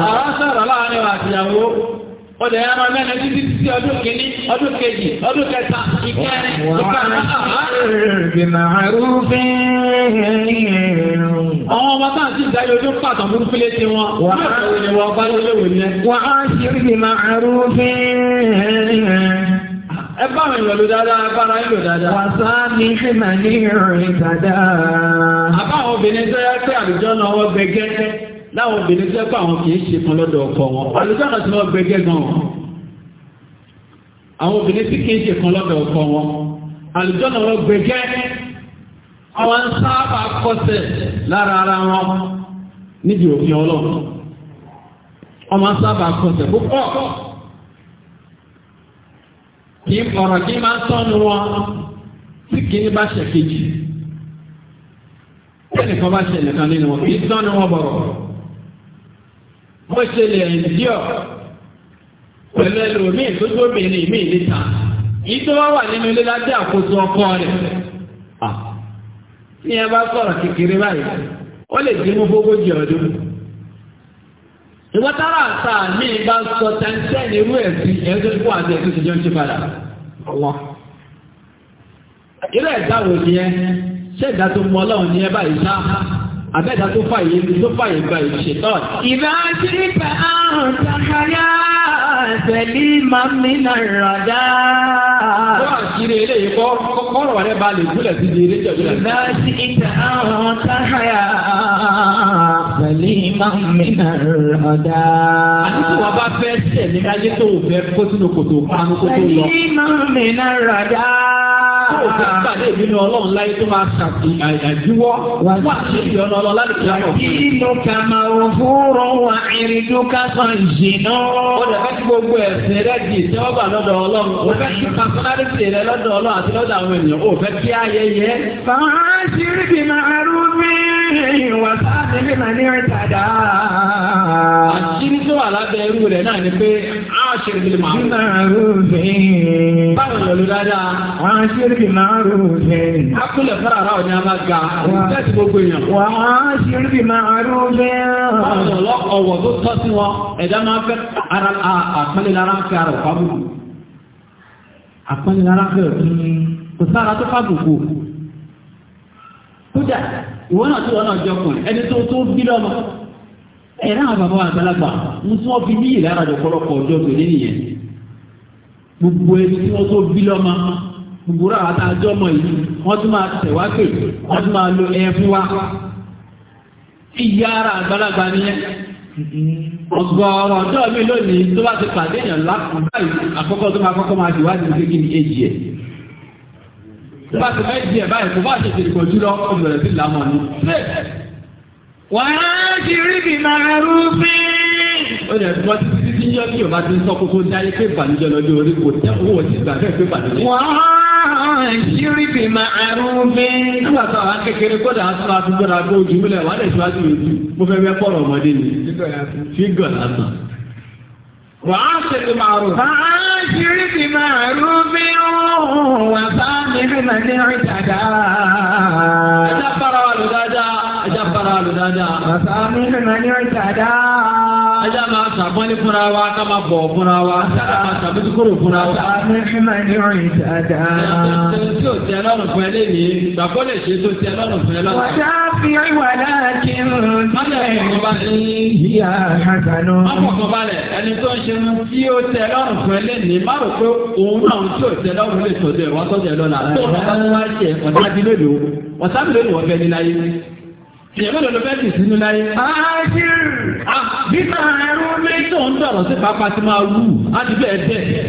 àwọn sọ̀rọ̀ láàrin wa àtìyàwó ọdẹ yẹn máa mẹ́rin títí títí ọdún kìíní ọdún kejì ọdún kẹta ìkẹrin lọ́pàá àwọn ọmọ táà sí ìdáyé ojú pàtó burúkúlé tí wọn wọ́n fẹ́ wọ́n wọ́n bá lówó ní ẹ. dáadáa ẹ bára dáadáa. wà sá ní ìmọ̀ ní ìrìn dáadáa. àbá obìnrin tó yá pé àlùjọ náà wọ́n gbẹgẹ́ láwọn obìnrin jẹ́ pé àwọn kìí ṣe kan lọ́dọ̀ ọkọ wọn àlùjáde tí wọ́n gbẹgẹ́ gan wọn àwọn obìnrin tí kìí ṣe kan lọ́dọ̀ ọkọ wọn àlùjáde wọn gbẹgẹ́ àwọn ń sábà kọsẹ̀ lára ara wọn níbi òfin ọlọ́run wọn ń sábà kọsẹ̀ púpọ̀ kì ọ̀rọ̀ kì máa tọ́nu wọn tí kì í bá ṣe kejì ẹnìkan bá ṣe ẹnìkan nínú wọn kì tọ́nu wọn bọ̀rọ̀. wọ́n ṣe lè rìn díọ̀ pẹ̀lú ẹlòmíì tó tó obìnrin míì níta yìí tó wá wà nínú ilé àkóso ọkọ rẹ̀ ní ẹ bá sọ̀rọ̀ kékeré báyìí ó lè dín mú ọdún ìwọ́n tára àta mi bá sọ tẹ́ńtẹ́n irú ẹ̀sìn ẹ̀sìn fún àti ẹ̀sìn ń ṣe padà ni ẹ ṣé ìdá Abẹ́ta tó fàyè tó fàyè gba ìṣètọ́n. Ìbá sí ibẹ̀ àrùn tàkàyà pẹ̀lú màmínà rọ̀dá. Wọ́n àṣírí eléyìí kọ́ kọ́rọ̀ rẹ̀ bá lè gúnlẹ̀ sí di eré jẹ̀dúrà. Ìbá sí ibẹ̀ àrùn tàkàyà pẹ̀lú màmínà rọ̀dá. Àdúgbò wa bá fẹ́ tẹ̀lé ayé tó fẹ́ kó sínú kòtò panu kó tó lọ. Pẹ̀lú màmínà rọ̀dá òkú pàdé ìbínú ọlọ́run láyé tó máa ṣàdíwọ́ wọ́n àti ìbí ọ̀nà ọlọ́run láti fi àwọn òkú. nínú kàmá òfúrọ̀ wà ìrìndó kásán ìṣìná. ó lè fẹ́ kí gbogbo ẹ̀sìn rẹ̀ di ìtẹ́wọ́gbà lọ́dọ̀ ọlọ́run. ó fẹ́ kí pásọ́nálítì rẹ̀ lọ́dọ̀ ọlọ́run àti lọ́dọ̀ àwọn ènìyàn. ó fẹ́ kí ayẹyẹ. fàá ṣírí bìnnà àrùn mi ìwàsáàdé ní ìtàdá. wà lábẹ́ irú rẹ̀ náà ni pé a ṣeré bí máa rú. Báwo lọ ló dáadáa? Wà ṣeré bí máa rú A kúnlẹ̀ fara ara òní a máa ga. Bẹ́ẹ̀ ti gbogbo èèyàn. Wà ṣeré bí máa rú Báwo lọ ọ̀wọ̀ tó tọ́ sí wọn? Ẹ̀dá máa fẹ́ kódà ìwọ náà tí wọn náà jọkùnrin ẹni tó tó bí lọ́mọ ẹ̀rọ àwọn bàbá wa àgbàlagbà mú tí wọ́n fi ní ọjọ́ tó ní nìyẹn gbogbo ẹni tí wọ́n tó bí lọ́mọ gbogbo rà wàtá àjọ ọmọ yìí wọ́n tún máa tẹ̀ wá pè wọ́n tún máa lo wa ara àgbàlagbà nìyẹn ọgọ́rọ̀ ọjọ́ mi lónìí tó bá ti pàdé èèyàn bá ti fẹ́ di ẹ̀ báyìí kò bá ti ṣe ìkọjú lọ ó bẹ̀rẹ̀ sí làmọ́ ni. wàá ti rí bí màrúfin. ó lè gbọ́ títí tí yọ kí yorùbá ti sọ kókó dáyé pé ìbànújẹ́ lọ́jọ́ orí kò tẹ́ owó ti gbà fẹ́ pé ìbànújẹ́. wàá ti rí bí màrúfin. nígbà tó àwọn kékeré kó dàá sọ àtúntò rà kó ojú mílẹ̀ wà á ojú mo fẹ́ fẹ́ pọ̀rọ̀ ọmọdé ni fígọ̀ lásán. وعاشر بالمعروف فعاشر بمعروف وسامح من اعتدى جبر والدادا جبر والدادا وسامح من اعتدى ẹjá máa ṣàpọ́nlé fúnra wa ká máa bọ̀ fúnra wa ká máa ṣàbójúkúrò fúnra wa. tí o tẹ lọ́rùn fún ẹ lẹ́yìn gbàgbọ́ lè ṣe tó tẹ lọ́rùn fún ẹ lọ́rùn. wàtá fi wà láti rún ìyá àgànà. ọkọ̀ balẹ̀ ẹni tó ń ṣe tí o tẹ lọ́rùn fún ẹ lẹ́yìn má rò pé òun náà tí o tẹ lọ́rùn lè tọ́jú ẹ̀ wọ́n tọ́jú ẹ̀ lọ́la. tó o bá wá ṣe ọ̀dọ́ Ìyẹ̀wò lọ́dọ̀ fẹ́ tì sínú láyé. Àṣìr! Ah, bí ẹrú mi. Tó ń dọ̀rọ̀ sí pápá tí máa wù á ti bẹ́ẹ̀ bẹ́ẹ̀.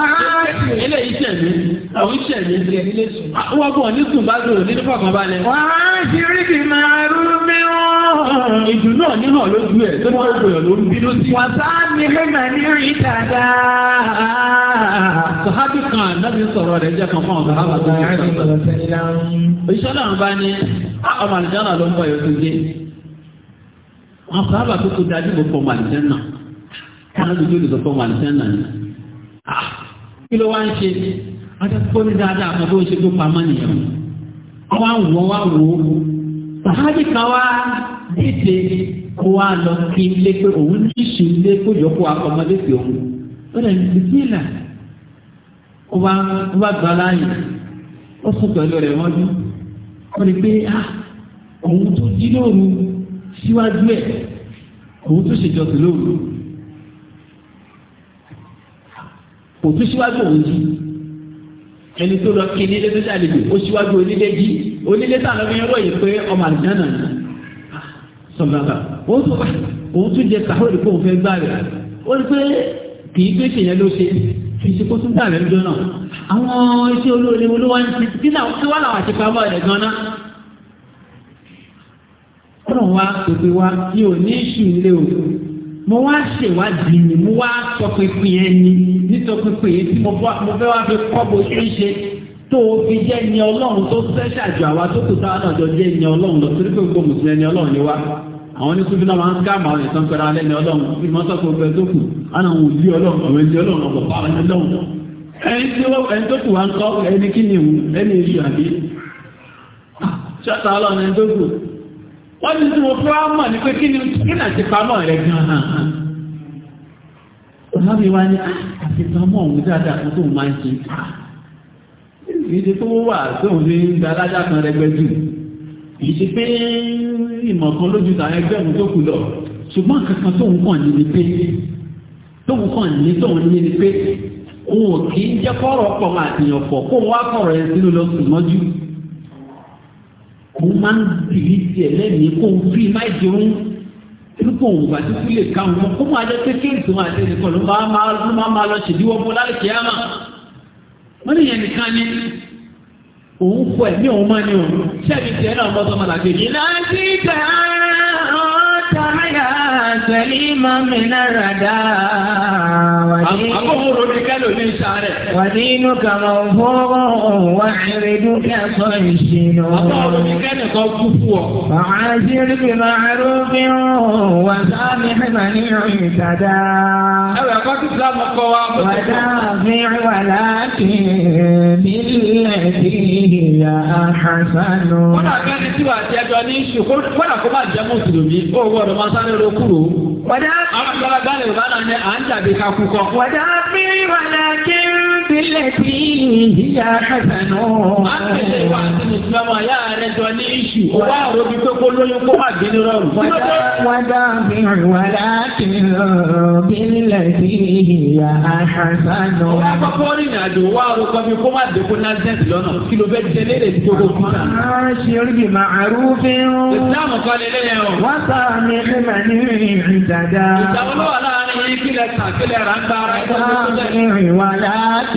Àṣìr! Eléyìí tẹ̀ mí. Àwọn iṣẹ́ mi ti ẹni lé sùn. Ah, wọ́n bọ̀ ní sùn bá lòrò nínú kọ̀ọ̀kan balẹ̀. Àṣìr bí máa ẹrú mi wọ́n. Ìdùn náà níhàn lójú ẹ̀ tó máa ń gbòyàn lórí bínú sí. Wàtá mi hẹ́mà ní rí dada. Sọ̀hábì kan ànábi sọ̀rọ̀ rẹ̀ jẹ́ kan fún ọ̀gá ọmọ àlùjáná ló ń bọ̀ yóò tún jẹ́ wọn kọ́ àbà tó kó dájú bó fọmọ àlùjáná káwọn lójú olùsọ fọmọ àlùjáná ni kí ló wá ń ṣe adẹ́kọ́ ní dáadáa kan tó ń ṣe tó pamọ́ nìyẹn wọ́n á wọ́n wá wò ó sàhájì kan wá dìde kó wá lọ kí n lé pé òun ní ìṣù lé kó jọ kó akọmọdé fi òun ó lè ní bí ìlà kó bá gbà láàyè ó sùn pẹ̀lú rẹ̀ wọ́n dún wọ́n rí pé ah, òun tó jí lóru síwájú ẹ̀ òun tó ṣèjọsìn lóru òun tó síwájú òun jí ẹni tó lọ kí nílé tó ṣàlejò ó síwájú onílé jí onílé tààrà mi ròyìn pé ọmọ àlùjáná ni ah, sọ̀gbàgbà òun tó òun tó jẹ sàhóòrì pé òun fẹ́ gbá rẹ̀ ó rí pé kì í gbé ṣèyẹn ló ṣe fìṣe kó tún dàbẹ̀ ńjọ náà àwọn iṣẹ́ olóore olówó ń ti tí náà kí wọ́n làwọn àti pamọ́ ẹ̀ gan-an. ọ̀rọ̀ wa kò pé wa mi ò ní ìṣù ilé o mo wá ṣèwádìí ni mo wá tọpinpin ẹni nítọpinpin yìí tí mo fẹ́ wá fi kọ́ bó ṣe ń ṣe tó o fi jẹ́ ẹni ọlọ́run tó fẹ́ṣà ju àwa tó kù sáwọn náà jọ jẹ́ ẹni ọlọ́run lọ torí pé gbogbo mùsùlùmí ẹni ọlọ́run ni wá àwọn oníṣùfínà máa ń gáàmù àwọn ìtàn pẹ̀lú alẹ́ ẹni ọlọ́run bí wọ́n sọ tó kù ana òun lé ọlọ́run àwọn ẹni ọlọ́run ọ̀pọ̀ bá ẹni ọlọ́run ẹni tí ó ẹni tó kù wá ń kọ́ ẹni kí ni ẹni èyí àbí ọlọ́run ẹni tó kù wọ́n ti tún fún wa mọ̀ ní pé kí ni kí náà ti pamọ́ rẹ̀ gan-an mi wá ní òun dáadáa fún tóun máa ń ṣe ìdí tó wà tóun kan rẹgbẹ́jù ìṣe pé ìmọ̀ kan lọ ṣùgbọ́n kankan tóun kàn tóun kàn ní tóun ní ni pé òun ò kì í jẹ́ kọ́rọ̀ pọ̀ máa tìyàn pọ̀ kó wá kọ̀rọ̀ yẹn sínú lọ sùn mọ́jú òun máa ń bìrì tiẹ̀ lẹ́mìí kó ń fi máa jẹun nípa òun gbà tí kúlè káwọn mọ kó máa jẹ kékeré tó máa tẹ̀lé kọ́ ló máa máa lọ ṣèdíwọ́ bó láì kí á mà wọ́n ní yẹn nìkan ni òun fọ ẹ̀mí òun máa ní òun ṣẹ́ẹ̀mí tiẹ̀ náà mọ́tọ́ sáyà sẹ́límà mi náírà dá. Àbúrò rò ní kẹ́lò ní sáré. Wàdí inú kàmá fọ́ọ̀rọ̀ wà ẹ̀rẹ̀ dúkìá sọ ìṣìnà. Àbúrò rò ní kẹ́lò kan kú fún wa. Wàdà fi wà láti bílẹ̀ sí ìyá àhàsánù. Wọ́n dà kẹ́ni tí wàá jẹ́jọ ní ìṣù kó dà kó má gbọ́dọ̀ máa sáré ló kúrò. Wàdà. Àwọn àgbàlagbà lè bá náà ní à ń jàbí kakú kọ. Wàdà bí wàdà kí bílẹ̀ tí ìyá kẹsàn-án. a ti lè wá sí ìsìlámù àyà rẹ jọ ní iṣu. ó wá àròbí pé kó lóyún kó má gbé ní rọrùn. wàdà bí wàdà ti lọ bílẹ̀ tí ìyá kẹsàn-án. ó wá kọ́kọ́ rìn àjò wá àròkọ bí kó má dé kó násẹ̀tì lọ́nà kí ló fẹ́ jẹ léèrè tí kókó kú náà. a ṣe orí bí màrúfin. ìsìlámù kan lè lẹ́yìn o. wọ́n sọ mi ní màní wọ́n sọ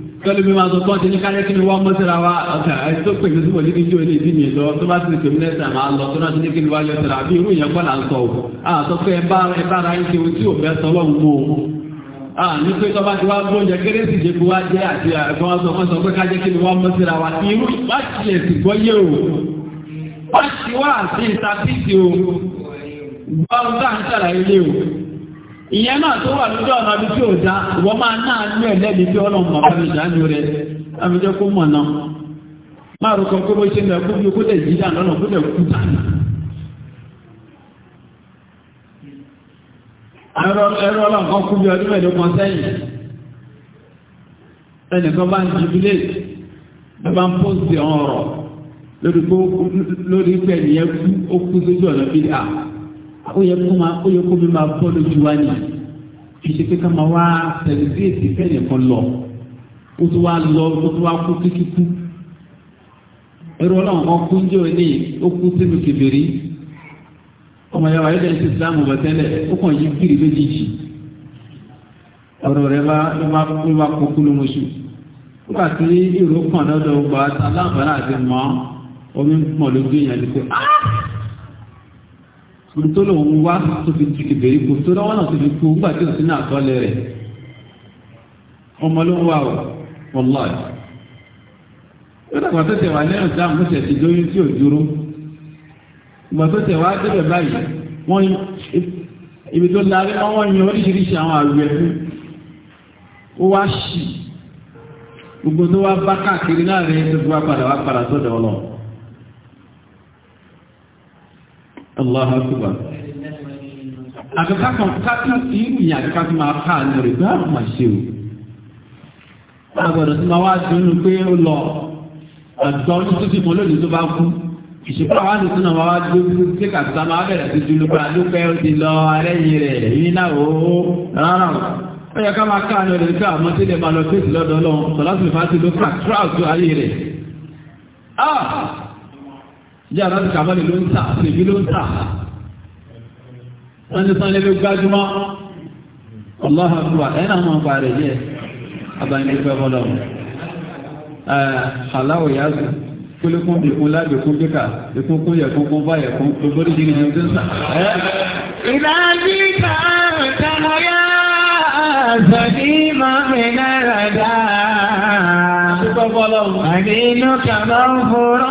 kọ́lé mi máa sọ pọ́ǹtì ní kálẹ́ kí ni wọ́n mọ́sára wa ọ̀kà àìsàn pèsè sí wòlíì níjó ilé ìdí mi lọ tó bá ti pèmí lẹ́sà máa lọ tó náà ti ní kí ni wọ́n lọ sọ̀rọ̀ àbí irú ìyẹn kọ́ là ń sọ o àtọ́ pé ẹ bá ara ń ṣe ohun tí ò bẹ́ sọ lọ́hùn mọ́ o ní pé tọ́ba ti wá gbóúnjẹ kérésì jẹ́ kó wá jẹ́ àti ẹ̀gbọ́n sọ pé kájẹ́ kí ni wọ́n mọ́sára wa irú ìpàṣẹ sì gbọ́ yé ìyẹn náà tó wà lójú ọ̀nà bí tí ó dá wọ́n máa náà ní ẹ̀lẹ́bí tí ọlọ́run bàbá mi dá ní rẹ̀ àmìjẹ́ kó mọ̀ náà máa rúkọ kó bó ṣe mẹ́kú bí kó lè yí dà lọ́nà kó lè kú dànù. ẹ̀rọ ọlọ́run kú bí ọdún mẹ́ẹ̀ẹ́dọ́gbọ̀n sẹ́yìn ẹnìkan bá ń jubilé ló bá ń pọ́sì ọ̀rọ̀ lórí pé ẹnìyẹn ó kú sójú ọ̀nà bí i ó yẹ kó máa ó yẹ kó mi máa wa ni kì í ṣe pé ká máa wá sẹ̀lẹ̀bíyèsí fẹ́ẹ̀nì kan lọ ó tún wá lọ ó tún wá kú kíkíkú irú ọlọ́run kan kú njẹ́ òní ó kú sínú kẹfẹ́rí ọmọ yàrá ayé lẹ́yìn ìsìlámù bàtẹ́lẹ̀ ó kàn yí kiri lójijì ọ̀rọ̀ rẹ̀ bá ló máa kú ló máa kú kú ló omi ń pọ̀ lójú èèyàn ní pé ah! tó lòun wá tó fi tìkì bèrè kò tó lọ́wọ́ náà tó fi kú nígbà tí òsínà àtọ́lẹ̀ rẹ̀ ọmọ ló ń wá o wọlọ́ ẹ̀. ó dàgbà tó tẹ̀ wá lẹ́yìn tí àwọn oṣù ti lóyún tí ò dúró ìgbà tó tẹ̀ wá débẹ̀ báyìí wọ́n ibi tó darí wọ́n yan oríṣiríṣi àwọn àrùn ẹ̀fún ó wá ṣì gbogbo tó wá bá káàkiri náà rẹ̀ gbogbo wa wá padà sọ́dọ̀ ọlọ́run. Allahu akbar. Àgbẹ̀ká kan kákan sí ìyìn àgbẹ̀ká tó máa ká àánú rẹ̀ bá àmà ah, ṣe o. Àgbọ̀dọ̀ tó máa wá dúnú pé ó lọ àgbà ọdún tó ti mọ lónìí tó bá kú. Ìṣèpá wa ní sínú àwọn adó tí kàtà máa bẹ̀rẹ̀ sí dúró pé àdúpẹ́ ó ti lọ arẹ́yìn rẹ̀ yín náà ó rárá. Ó yẹ ká máa ká àánú rẹ̀ pé àmọ́ sílẹ̀ máa lọ fèsì lọ́dọ̀ Ọlọ́run. Sọlá jẹ́ àdájú kàmọ́lì ló ń tà tèmi ló ń tà sanni sanni ló gbájúmọ́ ọlọ́ha kúwa ẹ̀ náà máa ń parí yẹ abáyé fẹ́ fọlọ́ aláwọ̀ yá sí kúlíkún bìkún lábìkún bíkà bìkún kún yẹ̀kún kún bá yẹ̀kún gbogbo ní jìnnìjì tó ń sà. ìdájí ká kàmọ́ yá sọ̀dí máa mi náírà dáa. àdínú kàmọ́ fúrọ́.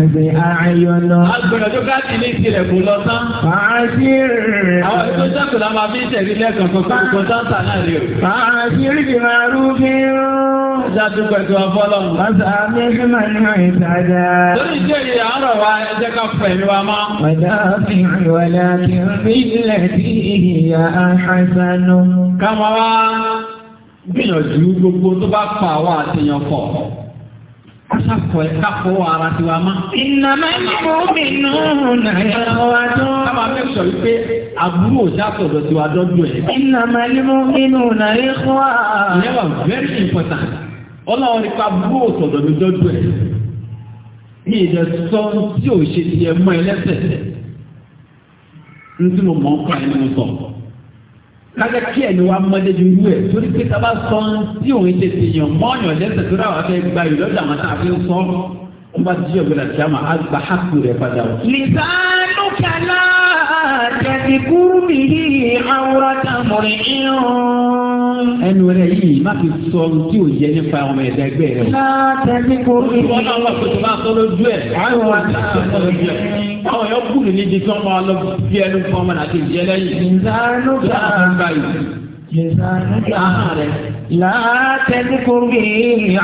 bí ayọ̀ lọ. agbẹ̀rẹ̀ tó káàkiri ní ìtìlẹ̀kùn lọ tán. fàájìrì. àwọn ètò ìṣẹ́kù máa fi ń tẹ̀lé lẹ́ẹ̀kan kan kó táǹtà náà rí o. fàájìrì ti máa rú bí rú. ẹja tó pẹ̀tù ọfọlọ́mù. ọ̀sà mi fi ní ìtajà. máa wá gbìyànjú gbogbo tó bá Aṣàkọ̀ ẹ̀ ara ti wa máa. Ìnàmá ní omi náà nàìjíríà wa dán. Kábà fẹ́ sọ wípé àbúrò òṣàkọ̀ ti wa dọ́jú ẹ̀. Ìnàmá ní omi náà nàìjíríà wa. very important. Ọlọ́run ní ká bú òṣọ̀dọ̀ mi dọ́jú ẹ̀. Ní ìjọ sọ tí ò ṣe ti ẹ̀ mọ́ ẹ lẹ́sẹ̀. Ní tí mo mọ̀ ń pa ẹ̀ mo sọ̀rọ̀ kájá kí ẹni wa mọdé ju irú ẹ torí pé sábà sọ tí òun ṣe ti yàn mọ́ọ̀yàn lẹ́sẹ̀ tó dáwà fẹ́ gba ìlú ọjà àwọn táà ń sọ wọn bá jíjọ gbọdọ̀ tí a máa á gba hápù rẹ padà o. lìsánú kẹlá tẹ̀sí kúrú mi yí àwòrán tàmùrìn yín ẹnu rẹ yìí má fi sọ tí ò yẹ nípa ọmọ ẹ̀dá ẹgbẹ́ rẹ. látẹ̀lí kò rí. wọn náà wà pẹ̀lú máa sọ lójú ẹ̀. àwọn wà ní sọ lójú ẹ̀. àwọn yóò kúrò ní ibi tí wọ́n máa lọ bí ẹnu fún ọmọ náà ti jẹ lẹ́yìn. ìdánù Láàtẹ́díkùn bí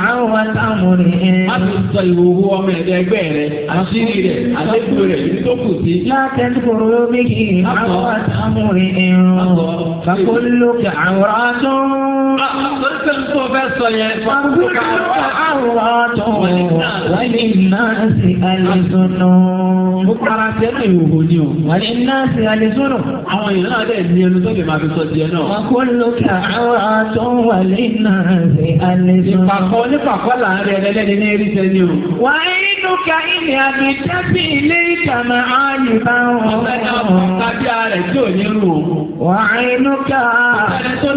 àwọn támúrin ẹ̀. Má fi sọ ìwòwò ọmọ ẹ̀dẹ́ ẹgbẹ́ rẹ̀, àṣírí rẹ̀, àlébù rẹ̀, ibi tó kù sí. Láàtẹ́díkùn bí àwọn támúrin ẹ̀. Fàkólókè àwọn àtún pé ń tó fẹ́ sọ yẹn fọ́nká àrùn àtọ̀wọ̀ wáyé náà sí alẹ́sọ̀nà. ó para sí ẹ̀nà ìhòòhò ni o. wáyé náà sí alẹ́sọ̀nà. àwọn èèyàn náà dẹ̀ ní ẹnu tó lè tó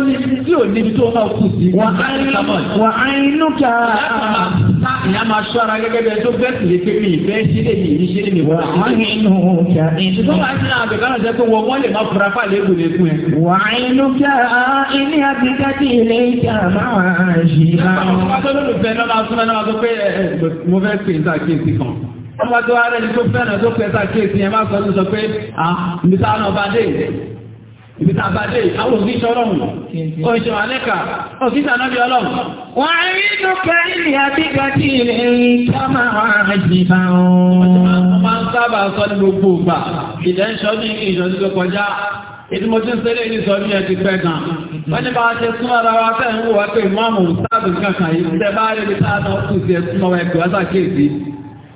ní tí ò níbi tó máa kù sí wà á inú ká. ìyá máa ṣọ́ ara gẹ́gẹ́ bí ẹ tó bẹ́ẹ̀ sì lè pé mi ìfẹ́ ṣílẹ̀ mi ìyí ṣílẹ̀ mi wà á inú ká. ìtútù máa ti náà àbẹ̀ká náà jẹ́ pé wọ́n lè má fura fà lẹ́gùn lẹ́gùn ẹ̀. wà á inú ká ilé àbíkájì ilé ìjà máa ṣì máa. ọ̀pọ̀ àtọ́lólùfẹ́ náà máa súnmọ́ náà tó pé mo fẹ́ pè ní àkíyèsí kan ọmọ tó wá rẹ̀ ní tó fẹ́ràn tó pẹ́ sàkíyèsí ẹ má sọ ibi tá a bá dé àwọn òfin sọ́rọ̀mù oṣù alẹ́kà òfin sànábí ọlọ́mù wọ́n rí dúkẹ́ ilẹ̀ àdígbà tí ilẹ̀ rí tọ́mà àjìbà ọ̀hún. ọmọ sábà sọ ní gbogbo ìgbà ìdẹ́ńṣọ́ ní ìṣọ́sí tó kọjá ìdí mo ti ń sẹ́lẹ̀ ní sọ ní ẹ̀sìn pẹ́ gan. wọ́n ní bá a ṣe súnmọ́ ara wa fẹ́ ń wò wá pé ìmọ̀ àmọ̀ sáàbù kankan yìí tẹ́ bá rí ibi tá a náà kù sí ẹ̀sùn mọ́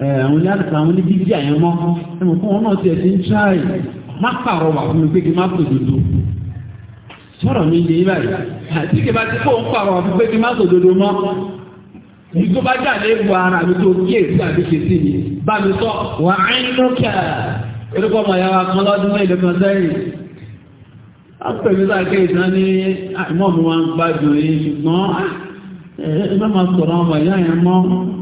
Eh, àwọn ilé àdìsá àwọn ilé bíbí àyẹn mọ́ ẹnu fún wọn náà ti ẹ̀sìn tíráì má pààrọ̀ wà fún mi pé kí n má sòdodo sọ̀rọ̀ mi lè báyìí àti kí n bá ti kó ń pààrọ̀ wà fún pé kí n má sòdodo mọ́ ìgbó bá jáde bu ara mi tó kí èsì àbí ṣe sí mi bá mi sọ wà á ń lókè orúkọ ọmọ ìyára kan lọ́dún mẹ́lẹ̀ kan sẹ́yìn apẹ̀lẹ́sà kéèsàn ní àìmọ́ ah, mi wá ń gbádùn yìí ṣùgbọ́n ah, ẹ má máa sọ̀rọ̀ ọmọ ìyá yẹn mọ́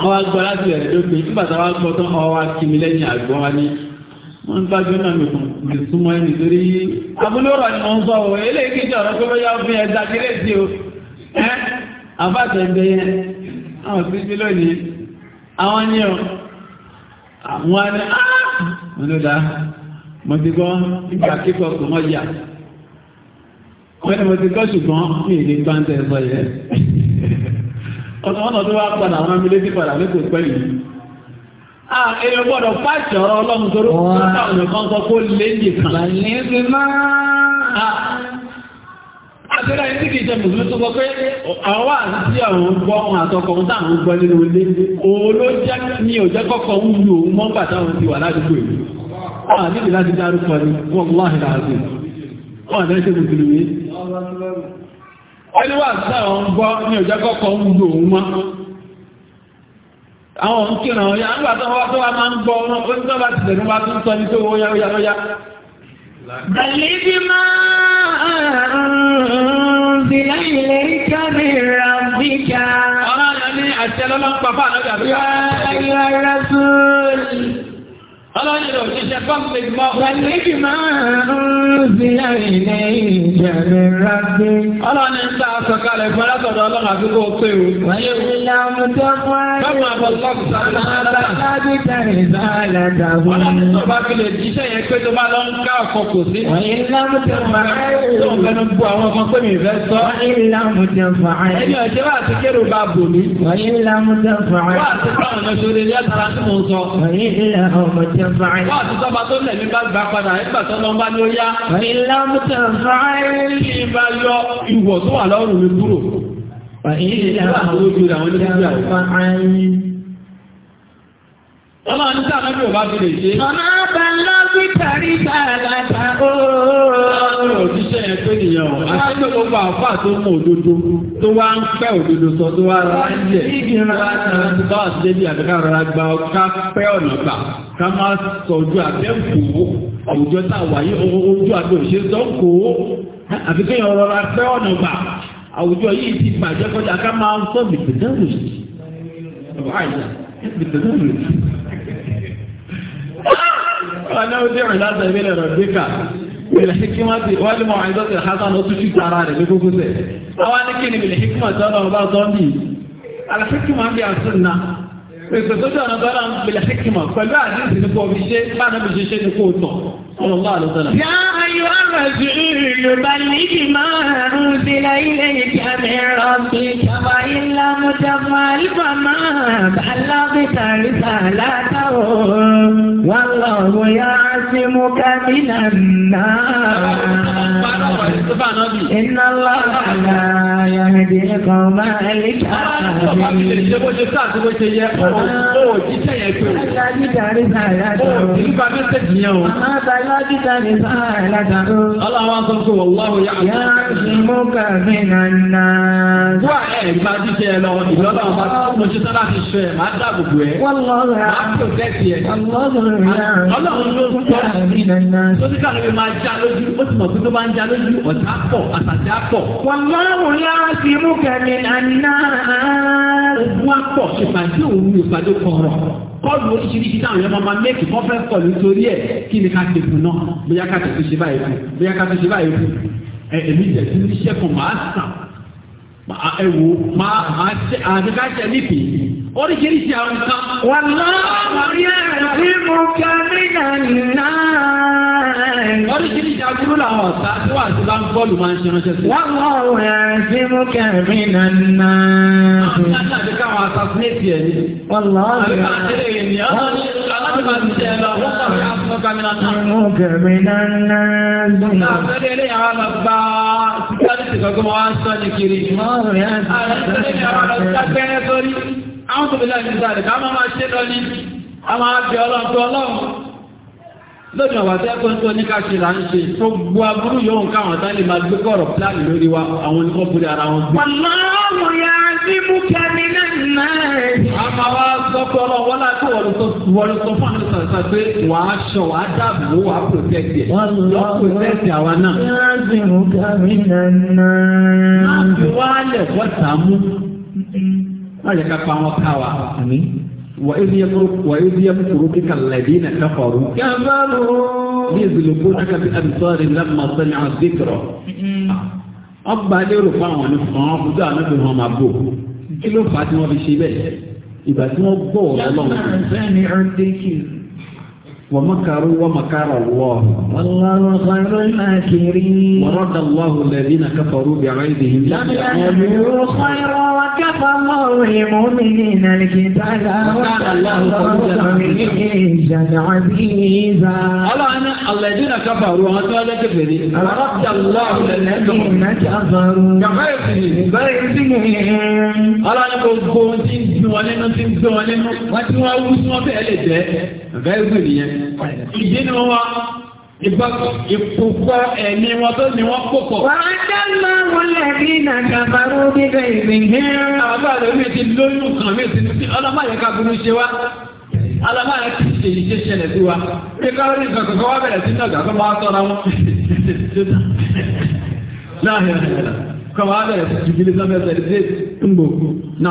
àwọn agbára ti rẹ̀ lópin nígbàtà wá gbọ́ tán ọwá kí lẹ́yìn àgbọ́n wá ní wọ́n ń gbájú náà mi kùn lè súnmọ́ ẹni torí abúlọ́rọ̀ ni wọ́n sọ ọ̀ ilé ìkéjì ọ̀rọ̀ tó bẹ́yà fún ẹ̀dá kéré sí o ẹ́ àbáṣẹ ẹgbẹ́ yẹn àwọn sí sí lónìí àwọn ní ọ àwọn ni àwọn ló dá mo ti gbọ́ nígbà kíkọ kò mọ́ yà wọ́n ni mo ti gbọ́ ṣùgbọ́n mi ì ọ̀nà tó wá padà wọn mi létí padà ní kò pẹ́ yìí. a èrè gbọ́dọ̀ pàṣẹ ọ̀rọ̀ ọlọ́run tó lóko tó táwọn sọ kó lé nìkan. lànà ti máa. àtẹ́lẹ̀ yìí tí kìí ṣe mùsùlùmí tó sọ pé àwọn àwọn gbọ́ ohun àtọkọ ohun gbọ́ nínú ilé kọ́kọ́ ń lu òun mọ́gbà táwọn ti wà ládùúgbò yìí. wọ́n ẹni wà sáwọn ń gbọ́ ní òjákọ́kọ́ ń gbò òun mọ́ àwọn ń kíran ọ̀yá nígbà tó wá tó wá máa ń gbọ́ ọ̀nà ó ní tó bá ti tẹ̀lé wá tó ń sọ ní tó wọ́n yáyá lọ́yá. Bàlíbí máa Ọlọ́run ò ṣiṣẹ́ fọ́npé mọ́. Wàlíkì máa ń fi àìlẹ́ ìjẹ̀rẹ̀ rábí. Ọlọ́run ń ta àsọ̀kalẹ̀ fún alásọ̀dọ̀ ọlọ́run àfikún òpè o. Wàyé ìlà ọmọdé fún àyè. Báwo àbọ̀lọ́kù sáré náà lábìtà ìbáàlà dàbò. Ọlọ́run tó bá fi lè jíṣẹ́ pé tó bá lọ ń ká ọkọ̀ kò sí. fún àyè. Tó ń fẹnu bu àwọn ọmọ pé mi fẹ́ sọ. Wàyé ìlà ọmọdé fún àyè. Ẹni ọ̀jẹ́ wà ti kérò bá bò mí. Wàyé ìlà ọmọdé fún àyè. Wà á ti fún àwọn tẹ̀fàáyì. Wọ́n ti sọ́ba tó ìwọ̀ tó wà lọ́rùn mi kúrò. Ọlọ́run ní sáà ò bá fi lè ṣe. Ọ̀nà àbẹ̀lọ́ ṣe yẹn pé nìyẹn o àti pé gbogbo àfa tó mọ òdodo tó wá ń pẹ́ òdodo sọ tó wá rárá ń jẹ láti bá àti débi àbíká rárá gba ká pẹ́ ọ̀nà gbà ká má sọjú àbẹ́kù àwùjọ tá a wáyé ojú àbẹ̀ òṣèlú tó ń kó rọra pẹ́ ọ̀nà gbà àwùjọ yìí ti bàjẹ́ kọjá ká máa ń sọ bìtìdẹ́rù bìtìdẹ́rù ọ̀nà òdìrìn láti ẹ̀mí lẹ̀rọ̀ gbé bìlẹ̀ hikima ti wọ́n lè mọ̀ àìsọ́ ti hasan ó tún fi tara rẹ̀ ní gbogbo sẹ̀. àwa ní kí ni bìlẹ̀ hikima tí ọlọ́run bá sọ ní alhikima ń bí àsúnà pèsè tó dáná bá dáná bìlẹ̀ hikima pẹ̀lú àdínsì ní kò fi ṣe bá náà fi ṣe ṣe ní kò tọ̀ ọlọ́lá àlọ́sọ̀nà. yá ayọ̀ àmàzù ìlú bá níbi máa ń sílẹ̀ ilé ìjàmẹ́ rọ̀bì kàwá ilá mùtàfà àlùfà máa bá lábẹ́ tàrí sàlátà ò wọ́n lọ́wọ́ yára. يعصمك من الناس إن الله لا يهدي القوم الكافرين يعصمك من الناس Wá ẹ̀gbá jíṣẹ́ ẹ lọ, ìlọ́lá ọba tí mo ṣe sọ́lá ti ṣe ẹ̀ máa dáàbò bò ẹ́. Wọ́n lọ́rọ̀ ẹ̀. Máa tó bẹ́ẹ̀ tiẹ̀. Ọlọ́run ló sọ Tó ti ká lóbi máa já lójú, ó ti mọ̀ pé tó bá ń já lójú, ọ̀tá pọ̀, àtàjá pọ̀. Wọ́n máa wò láti mú kẹ́mi àná. Wọ́n á pọ̀ ìpàdé òun ìpàdé kọ̀ọ̀rọ̀. Kọ́ọ̀lù oríṣiríṣi táwọn èèyàn máa mẹ́kì kọ́ fẹ́ kọ̀ nítorí ẹ̀ kí ni ká ti fún náà. Bóyá ká ti fi ṣe báyìí fún. Bóyá ká ti ṣe báyìí fún. Ẹ̀mí jẹ̀ sí iṣẹ́ kan máa sàn. Ẹ̀wò máa àti ká ṣẹ nípìn oríṣiríṣi àwọn kan. wà láàárí ẹ̀rí mú kámínà náà. oríṣiríṣi agbúrú làwọn ọ̀tá tí wà sí bá ń bọ́ọ̀lù máa ń ṣe ránṣẹ́ sí. wọ́n mọ̀ ẹ̀rí mú kámínà náà. láti káwọn asasinéètì ẹ̀ ní. wọ́n lọ́ọ́ bí wọ́n. aláàbí máa ti náà. mú kámínà náà. náà fẹ́rẹ́ ilé yàrá lọ gbá síkárìtì kankan á sọ ní kiri àwọn tó bèèrè ìrìnlẹ̀ àrẹ̀ ká máa ṣe lọ ní àwọn àbẹ̀ ọlọ́run tó ọlọ́run lónìí ọ̀wà tẹ́ tó ní káṣí là ń tó gbó aburú yóò ń káwọn tán máa gbé kọ̀rọ̀ pílánì lórí wa àwọn oníkọ́ ara wọn gbé. àwọn ìsọ̀rọ̀sọ pé wàá ṣọ mú kẹ́mi náà. máa má jẹ́ ká pa wọn ká wa. وإذ يمرك وإذ يمكر بك الذين كفروا كفروا يزلقونك بأبصار لما سمعوا الذكر ọba lérò fáwọn ní fún ọ́n fúdú ànábì wọn máa bò kí ló fà á tí wọ́n fi ṣe bẹ́ẹ̀ ìgbà tí wọ́n gbọ́ ọ̀rọ̀ lọ́wọ́. ومكروا ومكر الله والله خير الماكرين ورد الله الذين كفروا بعيدهم لم يعملوا خيرا وكفى الله المؤمنين الكتاب وكان الله المؤمنين جد عزيزا الذين كفروا هذا كفر ورد الله الذين كفروا بعيدهم ألا نقول بوزين زوالين زوالين وتواوزوا بألده غير ذلك ìdínú wa ìpòpọ̀ ẹ̀mí wọn tó ní wọ́n pòpọ̀. wà á dá máa wọn lẹ́bí náà kàbàrú bíbẹ̀ ìgbìyàn. àbá rẹ̀ mi ti lóyún kan mi ti ní ọlọ́mọ yẹn ká burú ṣe wá alamá yẹn ti ṣe ìṣe ṣẹlẹ̀ sí wa. bí káwọn ní ìgbàgbọ́ kọ́ wá bẹ̀rẹ̀ sí náà gbàgbọ́ máa tọ́ra wọn. láàrin ọ̀rẹ́ kama hada ya jibili zama ya zai tumboku na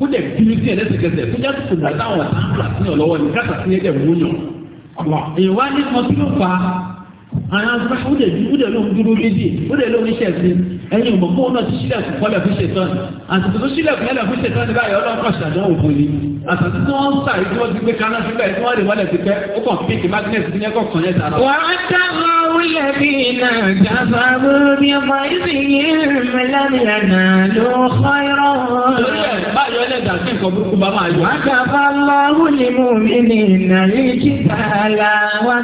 kó dẹ̀ bínú sí ẹlẹ́sẹ̀kẹsẹ̀ tó jẹ́ kò gbà táwọn ọ̀tá ń sí ọ̀lọ́wọ́ ní káàtà sí ẹ̀dẹ̀ múyàn. èèyàn wá ní ọtí ló fa àwọn aṣọ ó dẹ̀ ló ń dúró méjì ó dẹ̀ ló ń ṣẹ̀ sí ẹ̀yin òmò fún náà ti sílẹ̀kùn kọ́lẹ̀ fún ṣetán àtìkù tó sílẹ̀kùn ẹlẹ̀ fún ṣetán ní báyìí ọlọ́kọ̀ ṣàdán òfin ni àtàtì tí ń sà ìdí wọ́n ti gbé kaná síbẹ̀ tí wọ́n lè wọlé ti pẹ́ ó kàn pínkì magnet ní ẹ̀kọ́ kan yẹn tààrà. wà á dáhà wílẹ̀ bí iná jàmbá bóbi ní ìnáyí kíkà la wá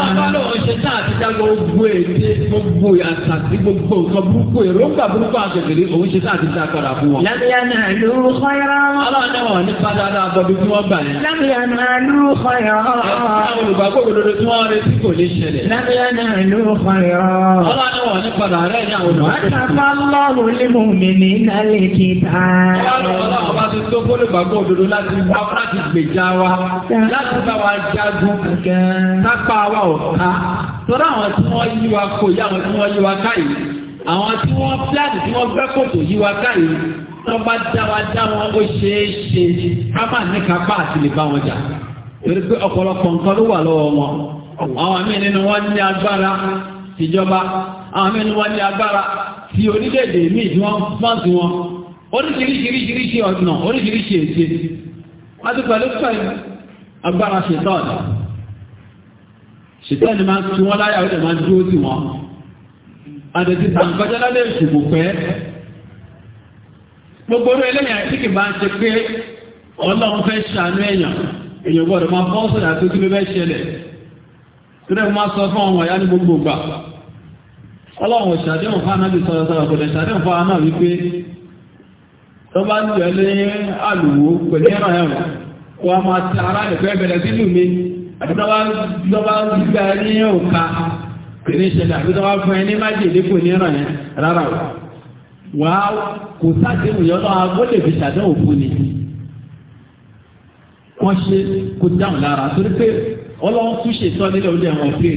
alábàálò ṣetán àti jágbó gbogbo èdè gbogbo àtàtì gbogbo nǹkan burúkú èròǹgbà burúkú àtẹ̀tẹ̀lé òun ṣetán àti dá padà fún wọn. lámìyànà ló kọ́yọ́. aláàdá wọn ní padàdà àbọ̀bí tí wọ́n gbà ní. àwọn olùgbàgbọ́ òdodo tí wọ́n retí kò lè ò ká tọ́lá àwọn tí wọ́n yí wa kò yí àwọn tí wọ́n yí wa ká yìí àwọn tí wọ́n fíláàdì tí wọ́n gbẹ́ kòtò yí wa ká yìí wọ́n bá dá wa dá wọn ó ṣeé ṣe ká má ní kápá àti lè bá wọn jà torí pé ọ̀pọ̀lọpọ̀ nǹkan ló wà lọ́wọ́ wọn àwọn míì nínú wọn ní agbára tìjọba àwọn míì nínú wọn ní agbára ti orílẹ̀-èdè míì tí wọ́n fọ́ǹsì wọn oríṣiríṣiríṣiríṣi ọ̀nà oríṣiríṣi èsì wọ́n ti pẹ̀lú pẹ̀lú agbára ṣètọ́ọ̀dù ṣìtẹ́ni máa ń tún wọ́n láyà ó lè máa ń dúró sí wọn àdẹ̀sí tàǹkọjọ́ lálẹ́ ìṣòkò pẹ́ gbogbo orí ẹlẹ́yìn àti kì bá ń ṣe pé ọlọ́run fẹ́ ṣàánú èèyàn èèyàn gbọ́dọ̀ máa sọ̀rọ̀ àti ṣẹlẹ̀ máa sọ fún ọmọ ìyá ní gbogbo ọlọ́run ṣàdéhùn fún anábì sọ̀rọ̀ sọ̀rọ̀ kò ṣàdéhùn fún ara bẹ̀rẹ̀ àbítọ́wá gbígbà ní òka kò ní ṣẹlẹ̀ àbítọ́wá fún ẹni májèlé kò ní ràn ẹ́ rárá o wà á kò sáàtì ìyọ́ náà ó lè fi ṣàdánwò fún ni wọ́n ṣe kó dáhùn lára torí pé ọlọ́run tún ṣètò nílẹ̀ oúnjẹ wọn pé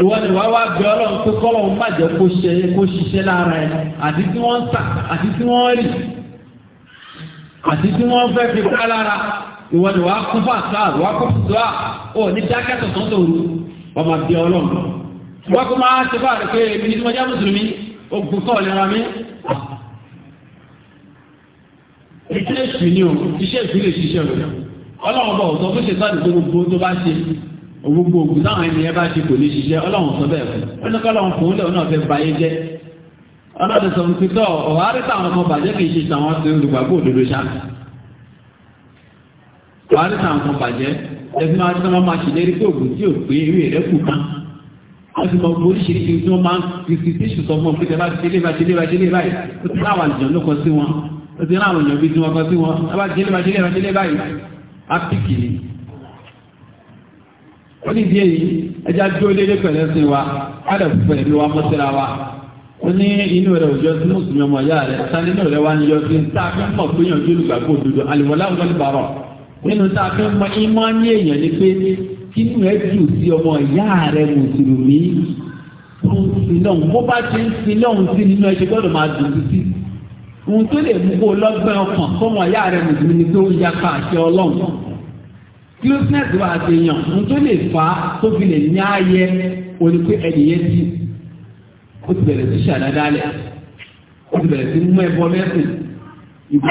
ìwọ ni wàá wá bí ọlọ́run pé kọ́lọ́run má jẹ́ kó ṣe kó ṣiṣẹ́ lára ẹ̀ àti tí wọ́n ń tà àti tí wọ́n ń rì àti tí wọ́n fẹ́ fi ká lára ìwọ ni wàá kún fún àṣà wàá kún fún dùá ó ní dákẹ́tọ̀ tó ń tòru ọmọ bí ọlọ́run wọ́n kó máa ṣe bá rẹ̀ pé èmi ní mọ́já mùsùlùmí ogun kọ́ lera mi. iṣẹ́ èṣù ni o iṣẹ́ èṣù lè ṣiṣẹ́ o ọlọ́run bọ̀ sọ fún ṣètọ́jú tó gbogbo tó bá ṣe gbogbo ogun táwọn ènìyàn bá ṣe kò lè ṣiṣẹ́ ọlọ́run sọ bẹ́ẹ̀ fún ọlọ́run kọ́lọ́run fún ilé wàhálà náà kan bàjẹ́ ẹbí máa tí wọ́n máa ṣèlérí pé òògùn tí ò pé ewé rẹ̀ kù kan wọ́n ti mọ gbogbo oríṣiríṣi tí wọ́n máa ń fìfì tíṣù sọ fún ọ̀pẹ̀tẹ̀ láti délé bá délé bá délé báyìí ó ti láwọn àjọ ló kọ sí wọn ó ti láwọn èèyàn bí tí wọ́n kọ sí wọn bá délé bá délé bá délé báyìí á pìkì ni. ó ní ìdí èyí ẹja dúró délé pẹ̀lẹ́ sí wa á dẹ̀ fún pẹ̀lú wa mọ́tẹ́ra wa ó ní inú rẹ̀ òjò sí mùsùlùmí ọmọ ìyá rẹ̀ sanni inú rẹ̀ wá ń yọ sí sáà fún mọ̀ pé yànjú olùgbàgbọ́ òdodo àlùwọ̀lá nínú tá a fi mọ ìmọ̀ ní èèyàn ni pé kí inú ẹ jù sí ọmọ ìyá rẹ mùsùlùmí tó ń sin náà bó bá ti ń sin náà sí nínú ẹ ṣe gbọ́dọ̀ máa dùn sí ohun tó lè mú kó lọ́gbọ́n ọkàn fọmọ ìyá rẹ mùsùlùmí ni tó ń yapa àṣẹ ọlọ́run closeness wa àti èèyàn ohun tó lè fà á tó fi lè ní ààyè òní pé ẹnìyẹn ti ó ti bẹ̀rẹ̀ sí ṣàdádálẹ̀ ó ti bẹ̀rẹ̀ sí mú ẹbọ mẹ́sìn ìgbà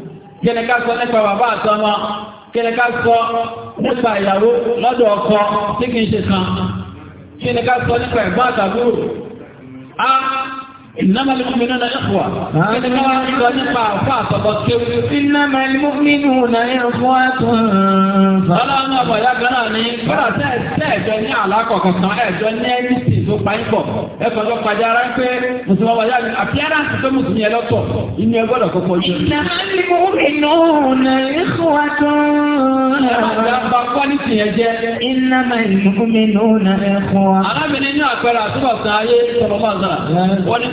kíni ká sọ nípa bàbá àtọmọ kíni ká sọ nípa ìyàwó lọ́dọ̀ ọkọ tí kìí ṣe kan kíni ká sọ nípa ẹ̀gbọ́n àtàbúrò إنما المؤمنون إخوة إنما المؤمنون إخوة Ọlọ́run ọ̀bọ̀ ìyàgbẹ́ náà ni, kọ́nà tẹ́ ẹ̀jọ ní àlákọ̀ọ̀kan kan, ẹ̀jọ ní ẹ̀yìsì tó parí pọ̀. Ẹ̀kọ́ tó pàdé ara ń pé Mùsùlùmí ọ̀bọ̀ ìyàgbẹ́ àfíáràǹsì tó Mùsùlùmí rí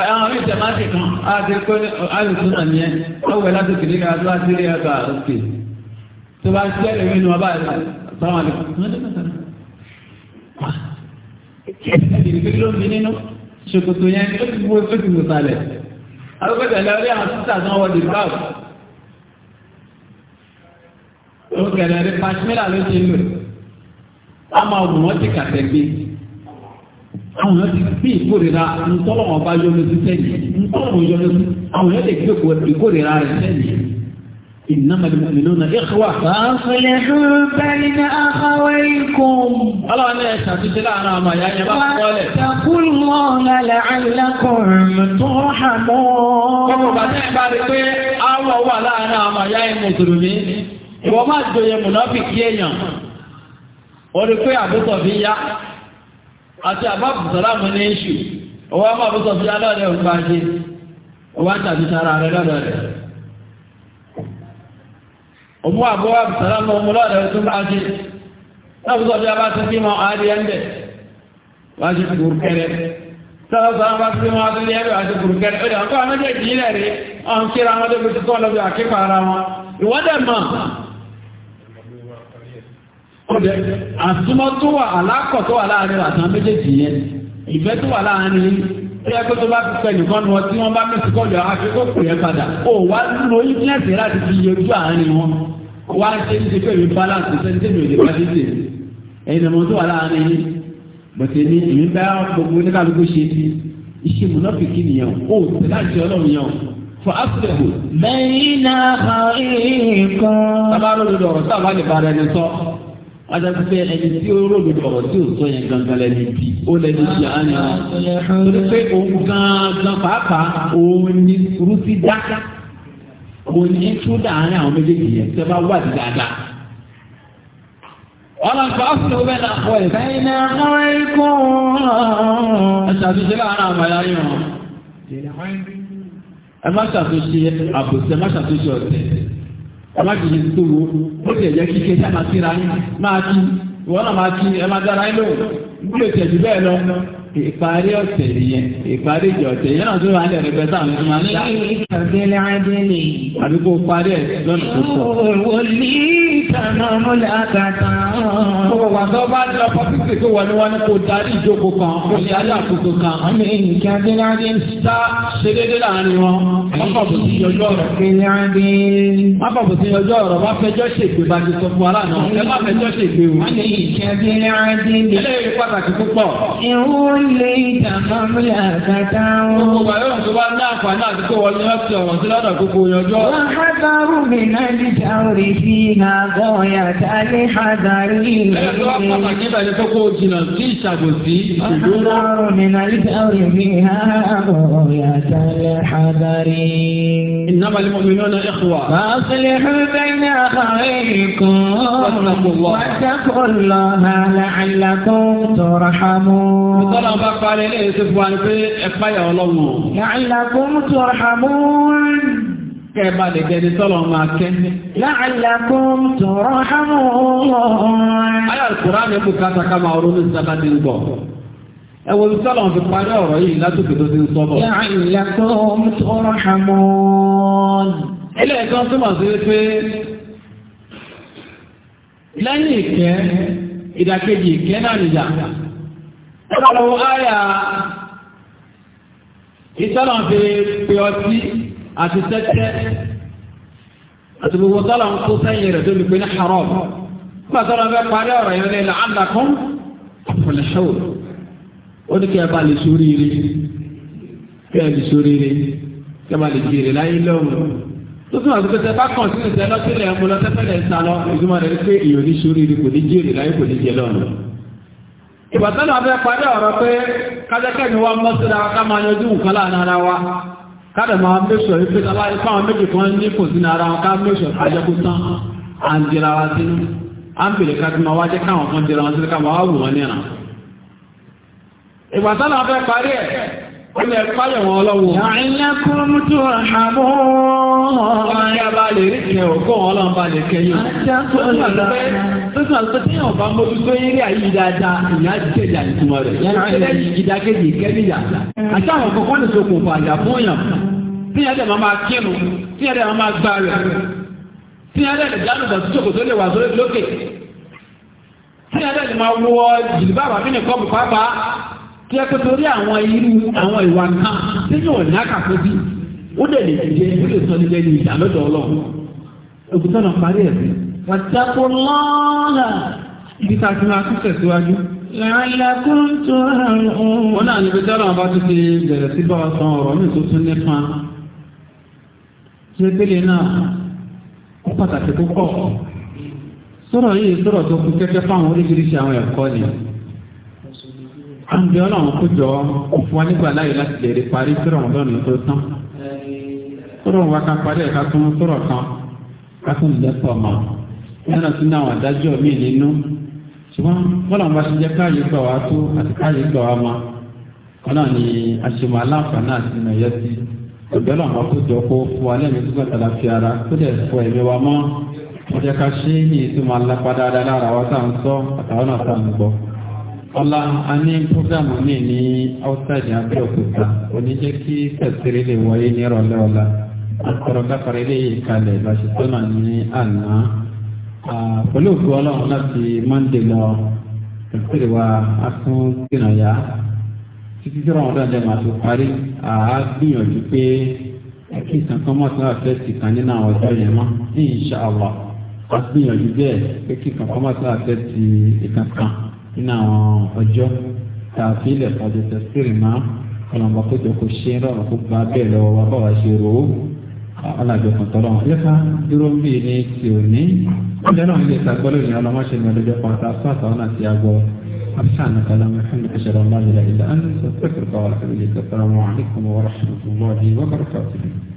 Àwọn orí ìjẹ̀má ti kan, a ti kó àìsùnà ní ẹ, ó wẹ̀ láti kìí ká tó láti rí ẹgbà òkè. Tó bá ń ṣẹ́ lè nínú ọba ìsàwọn àdìkù. Ìgbìgbì ló ń bí nínú, ṣòkòtò yẹn ó ti bó ó ti wò sálẹ̀. Arúgbẹ́tẹ̀ lọ rí àwọn títà tán wọ́n di báwù. Ó kẹ̀lẹ̀ rí Pashmila ló ṣe lò. A máa wù wọ́n ti kàtẹ́ àwọn yóò ti bí ìkórira ntọ́lọ́wọ́n bá yọnu sí sẹ́yìn ntọ́lọ́wọ́n yọnu sí àwọn yóò lè gbé ìkórira rẹ̀ sẹ́yìn. إنما المؤمنون إخوة فأصلحوا بين أخويكم الله أنا أشهد لا أنا ما يعني واتقوا الله لعلكم ترحمون kọ́kọ́ bàtẹ́ ìbárí pé àwọ̀ wà láàrin àwọn àyà ìmùsùlùmí ìwọ máa jòyè mùnàfíkì èèyàn orí pé àbútọ̀ fi yá àti àbábù sàlámù ní iṣu ọwọ́ àbábù sọ̀fìlà lọ́dẹ̀ òǹkà ṣe ọwọ́ àtàbí sara rẹ lọ́dọ̀ rẹ̀ ọmọ àbúrò àbù sàlámù ọmọ lọ́dẹ̀ òǹkà ṣe láàbù sọ̀fìlà bá ti fi mọ àádìyẹ ń bẹ̀ wá sí kùrùkẹrẹ sọ́lọ́sọ́lọ́ bá fi wọn adúlé ẹ̀rọ àti kùrùkẹ́rẹ́ ó dẹ̀ wọ́n kọ́ àwọn méjèèjì ilẹ̀ ọbẹ̀ àsúmọ́ tó wà alákọ̀ tó wà láàrin àtàn méjèèjì yẹn ìfẹ́ tó wà láàrin tó kó tó bá ti pẹ́ nìkan wọn tí wọ́n bá mẹ́sì kọ́lù àfikún kù yẹn padà ó wá lo íńtínẹ́ẹ̀tì láti fi yẹjú àárín wọn wá ṣe ń ṣe pé mi balance ṣe ń ṣe mi ò lè bá ọmọ tó wà láàrin yín bọ̀tẹ̀ ní èmi bá gbogbo oníkàlùkù ṣe ti iṣẹ́ mùnàfíkì nìyẹn ó ti láti ọlọ́run yẹn bẹ́ẹ̀ ni àkàrí kan. sábà lórí ọ̀rọ̀ sábà lè bára ẹni sọ wọ́n ti pé ẹni tí ó ròdù ọ̀rọ̀ tí ò sọ yẹn gangan lẹ́ni bí ó lẹ́ni tí a ní wọn. torí pé òun gangan pàápàá òun ni rúti dá òun ni tú láàárín àwọn méjèèjì yẹn tẹ́ bá wà dáadáa. ọlọ́pàá ọ̀sùn ló bẹ́ẹ̀ náà pọ̀ ẹ̀. bẹ́ẹ̀ni àwọn ikú ẹ ṣàtúnṣe láàárín àwọn ẹ̀yà yìí wọn. ẹ má ṣàtúnṣe àbòsí má ṣàtúnṣe ọ̀tẹ̀ alágbèjì ti tó wo ó ti ẹ̀jẹ̀ kíkẹ́ sáà máa kíra yín máa kí ìwọ́n náà máa kí ẹ máa dára yín lóhùn nígbà tí ẹ̀jú bẹ́ẹ̀ lọ ìparí ọ̀sẹ̀ nìyẹn ìparí ìjọ ọ̀sẹ̀ yẹn náà tó wà ní ẹ̀rẹ̀gbẹ́ sáàmì tó máa ń lá. ìkàbẹ̀lẹ̀ adélè. àbí kó parí ẹ̀ lọ́nà tó pọ̀. òwò ní ìtànà múlẹ̀ àgàtà. kókò wà tó bá lọ pọ́fíìsì tó wà ní wọn kó darí ìjókòó kan kó ní alákòókò kan. àmì ìkàbẹ̀lẹ̀ adélè. sá ṣe déédéé láàrin wọn. má bàbò sí ọjọ́ ọ̀rọ̀. má bàbò sí ọjọ́ ọ̀rọ̀ má fẹjọ́ ṣègbè bá ti sọ fún ara náà. ẹ má fẹjọ́ ṣègbè o. àmì ìkàbẹ̀lẹ̀ adélè. eléyìí pàtàkì púpọ̀. ìwúrí وليت مملكة وحذروا من الجور فيها غاية الحذر وحذروا من الجور فيها غاية الحذر إنما المؤمنون إخوة فأصلحوا بين أخويكم واتقوا الله لعلكم ترحمون ọlọ́run bá parí ilé ìṣe fún wa ni pé ẹ ọlọ́run. la'allakum turhamun. kẹ́ fi parí ọ̀rọ̀ yìí látòkè tó ti ń sọ́bọ̀. la'allakum turhamun. ilé sí pé lẹ́yìn ìkẹ́ ìdàkejì ìkẹ́ náà nìyà. Ẹ̀rọ àyà ìtọ́nà fi pe ọtí àti tẹ́tẹ́ àti gbogbo tọ́lọ̀ ń kó sẹ́yìn rẹ̀ tó lè pe ní haram. Nígbà tọ́lọ̀ fẹ́ parí ọ̀rọ̀ yẹn ní ilẹ̀ àdàkùn àfọlẹ́ṣọ́. Ó ní kí ẹ bá lè sórí ire. Kí ẹ lè sórí ire. Kí ẹ bá lè jèrè láyé lọ́wọ́. Tó túnmọ̀ sí pé bá kàn sí ìṣẹ́ lọ́sílẹ̀ ń mú ń sa lọ. Ìgbìmọ̀ rẹ̀ pé ìyọ̀ ní sórí kò ní jèrè láyé kò ní jẹ lọ́wọ́ ìbàtánà abẹ́ padà ọ̀rọ̀ pé kájẹ́kẹ́ ni wá mọ́ síra ká nǹkan láàrin ara wa káàdà máa mẹ́sọ̀ ìpé aláìpáwọn méjì kan ní kò sí ara wọn ká mẹ́sọ̀ àjẹ́kú tán à ń dira wa sínú à ń bèèrè kájú máa wájẹ́ káwọn kan dira wọn sínú ká máa wù Ilẹ̀ ìpáyẹ̀ wọn ọlọ́run. Àìlẹ́kùn tó àmọ́ ọ̀rọ̀ ní abálẹ̀ ìrìnkẹ̀ ọ̀gọ́ ọlọ́run bá lè kẹyọ. Tọ́sán tí yàn dẹ̀ máa máa gbá rẹ̀. Tíyàn dẹ̀ lè jáde lọ sí ṣòkòtò lè wà sórí lókè. Tíyàn dẹ̀ lè máa wọ jìlìbá bù pápá. tí ẹ àwọn irú àwọn ìwà kan tí yóò ní àkàkọ́bí ó dẹ̀ lè jẹ́ ó lè sọ nílẹ̀ ní ìdálọ́dọ̀ ọlọ́run òkúta náà parí ẹ̀ lọ́ọ̀lá ibi tá a ti máa tún tẹ̀síwájú. tó wọn náà níbi tí ọlọ́run bá tún ti bẹ̀rẹ̀ sí bá ọ̀rọ̀ mi tó tún nípa. ṣé pélé náà ó pàtàkì púpọ̀ sọ̀rọ̀ yìí àǹdí ọlọ́run kò jọ kò fún wa nígbà láyé láti lè rí parí tí ọ̀rọ̀ lọ́nà tó tán tọ́rọ̀ wa ká parí ẹ̀ka tó ń tọ́rọ̀ kan ká tó ń lẹ́pọ̀ mọ́ yánà tí náà wà dájọ́ mi nínú ṣùgbọ́n bọ́lá wa ṣe jẹ́ káyé gbà wá tó àti káyé gbà wá mọ́ ọ̀nà ni àṣemọ̀ aláǹfààní àti ìnáyẹ sí ọ̀dọ́ làwọn akójọ kó fún wa lẹ́mìí tó gbàtà láfi ara tó dẹ̀ fọ ẹ̀mí wa mọ́ ọjọ́ ká ṣe é ní ìtumọ̀ alápá dáadáa lára wa tá ń sọ àtàwọn náà tá ń gbọ́ ọlá a ní púrógámù ní ní outside abẹ́òkúta oníjẹ́ kí tẹ̀sírí lè wáyé ní ìrọ̀lẹ́ ọ̀la akọ̀rọ̀ kápára ilé ìkalẹ̀ ìbáṣetọ́nà ní àná pẹ̀lú òkú ọlọ́run láti monday lọ tẹ̀sírí wa a tún dènà yá títí tí wọ́n dáadáa máa tó parí àá gbìyànjú pé kí kankan mọ̀ tí fẹ́ ti kàn nínú àwọn ọjọ́ yẹn mọ́ insha Allah a gbìyànjú bẹ́ẹ̀ pé kí kankan mọ̀ tí fẹ́ ti kankan nínú àwọn ọjọ́ tá a fi ilẹ̀ fàájú tẹ̀sírì máa ọlọ́mọ kójọ kò ṣe rọrùn kó gba bẹ́ẹ̀ lọ́wọ́ wa bá wa ṣe rò ó ọlọ́jọ́ kan tọ́lọ́ wọn. yẹ́ka dúró ń bì ní ti òní ọjọ́ náà ń lè ta gbọ́dọ̀ ní ọlọ́mọṣẹ́ ní ọlọ́jọ́ kan tá a sọ àtàwọn náà ti àgọ́ أبحان كلام محمد أشهد أن لا إله إلا أنت أستغفرك وأتوب إليك السلام عليكم ورحمة الله وبركاته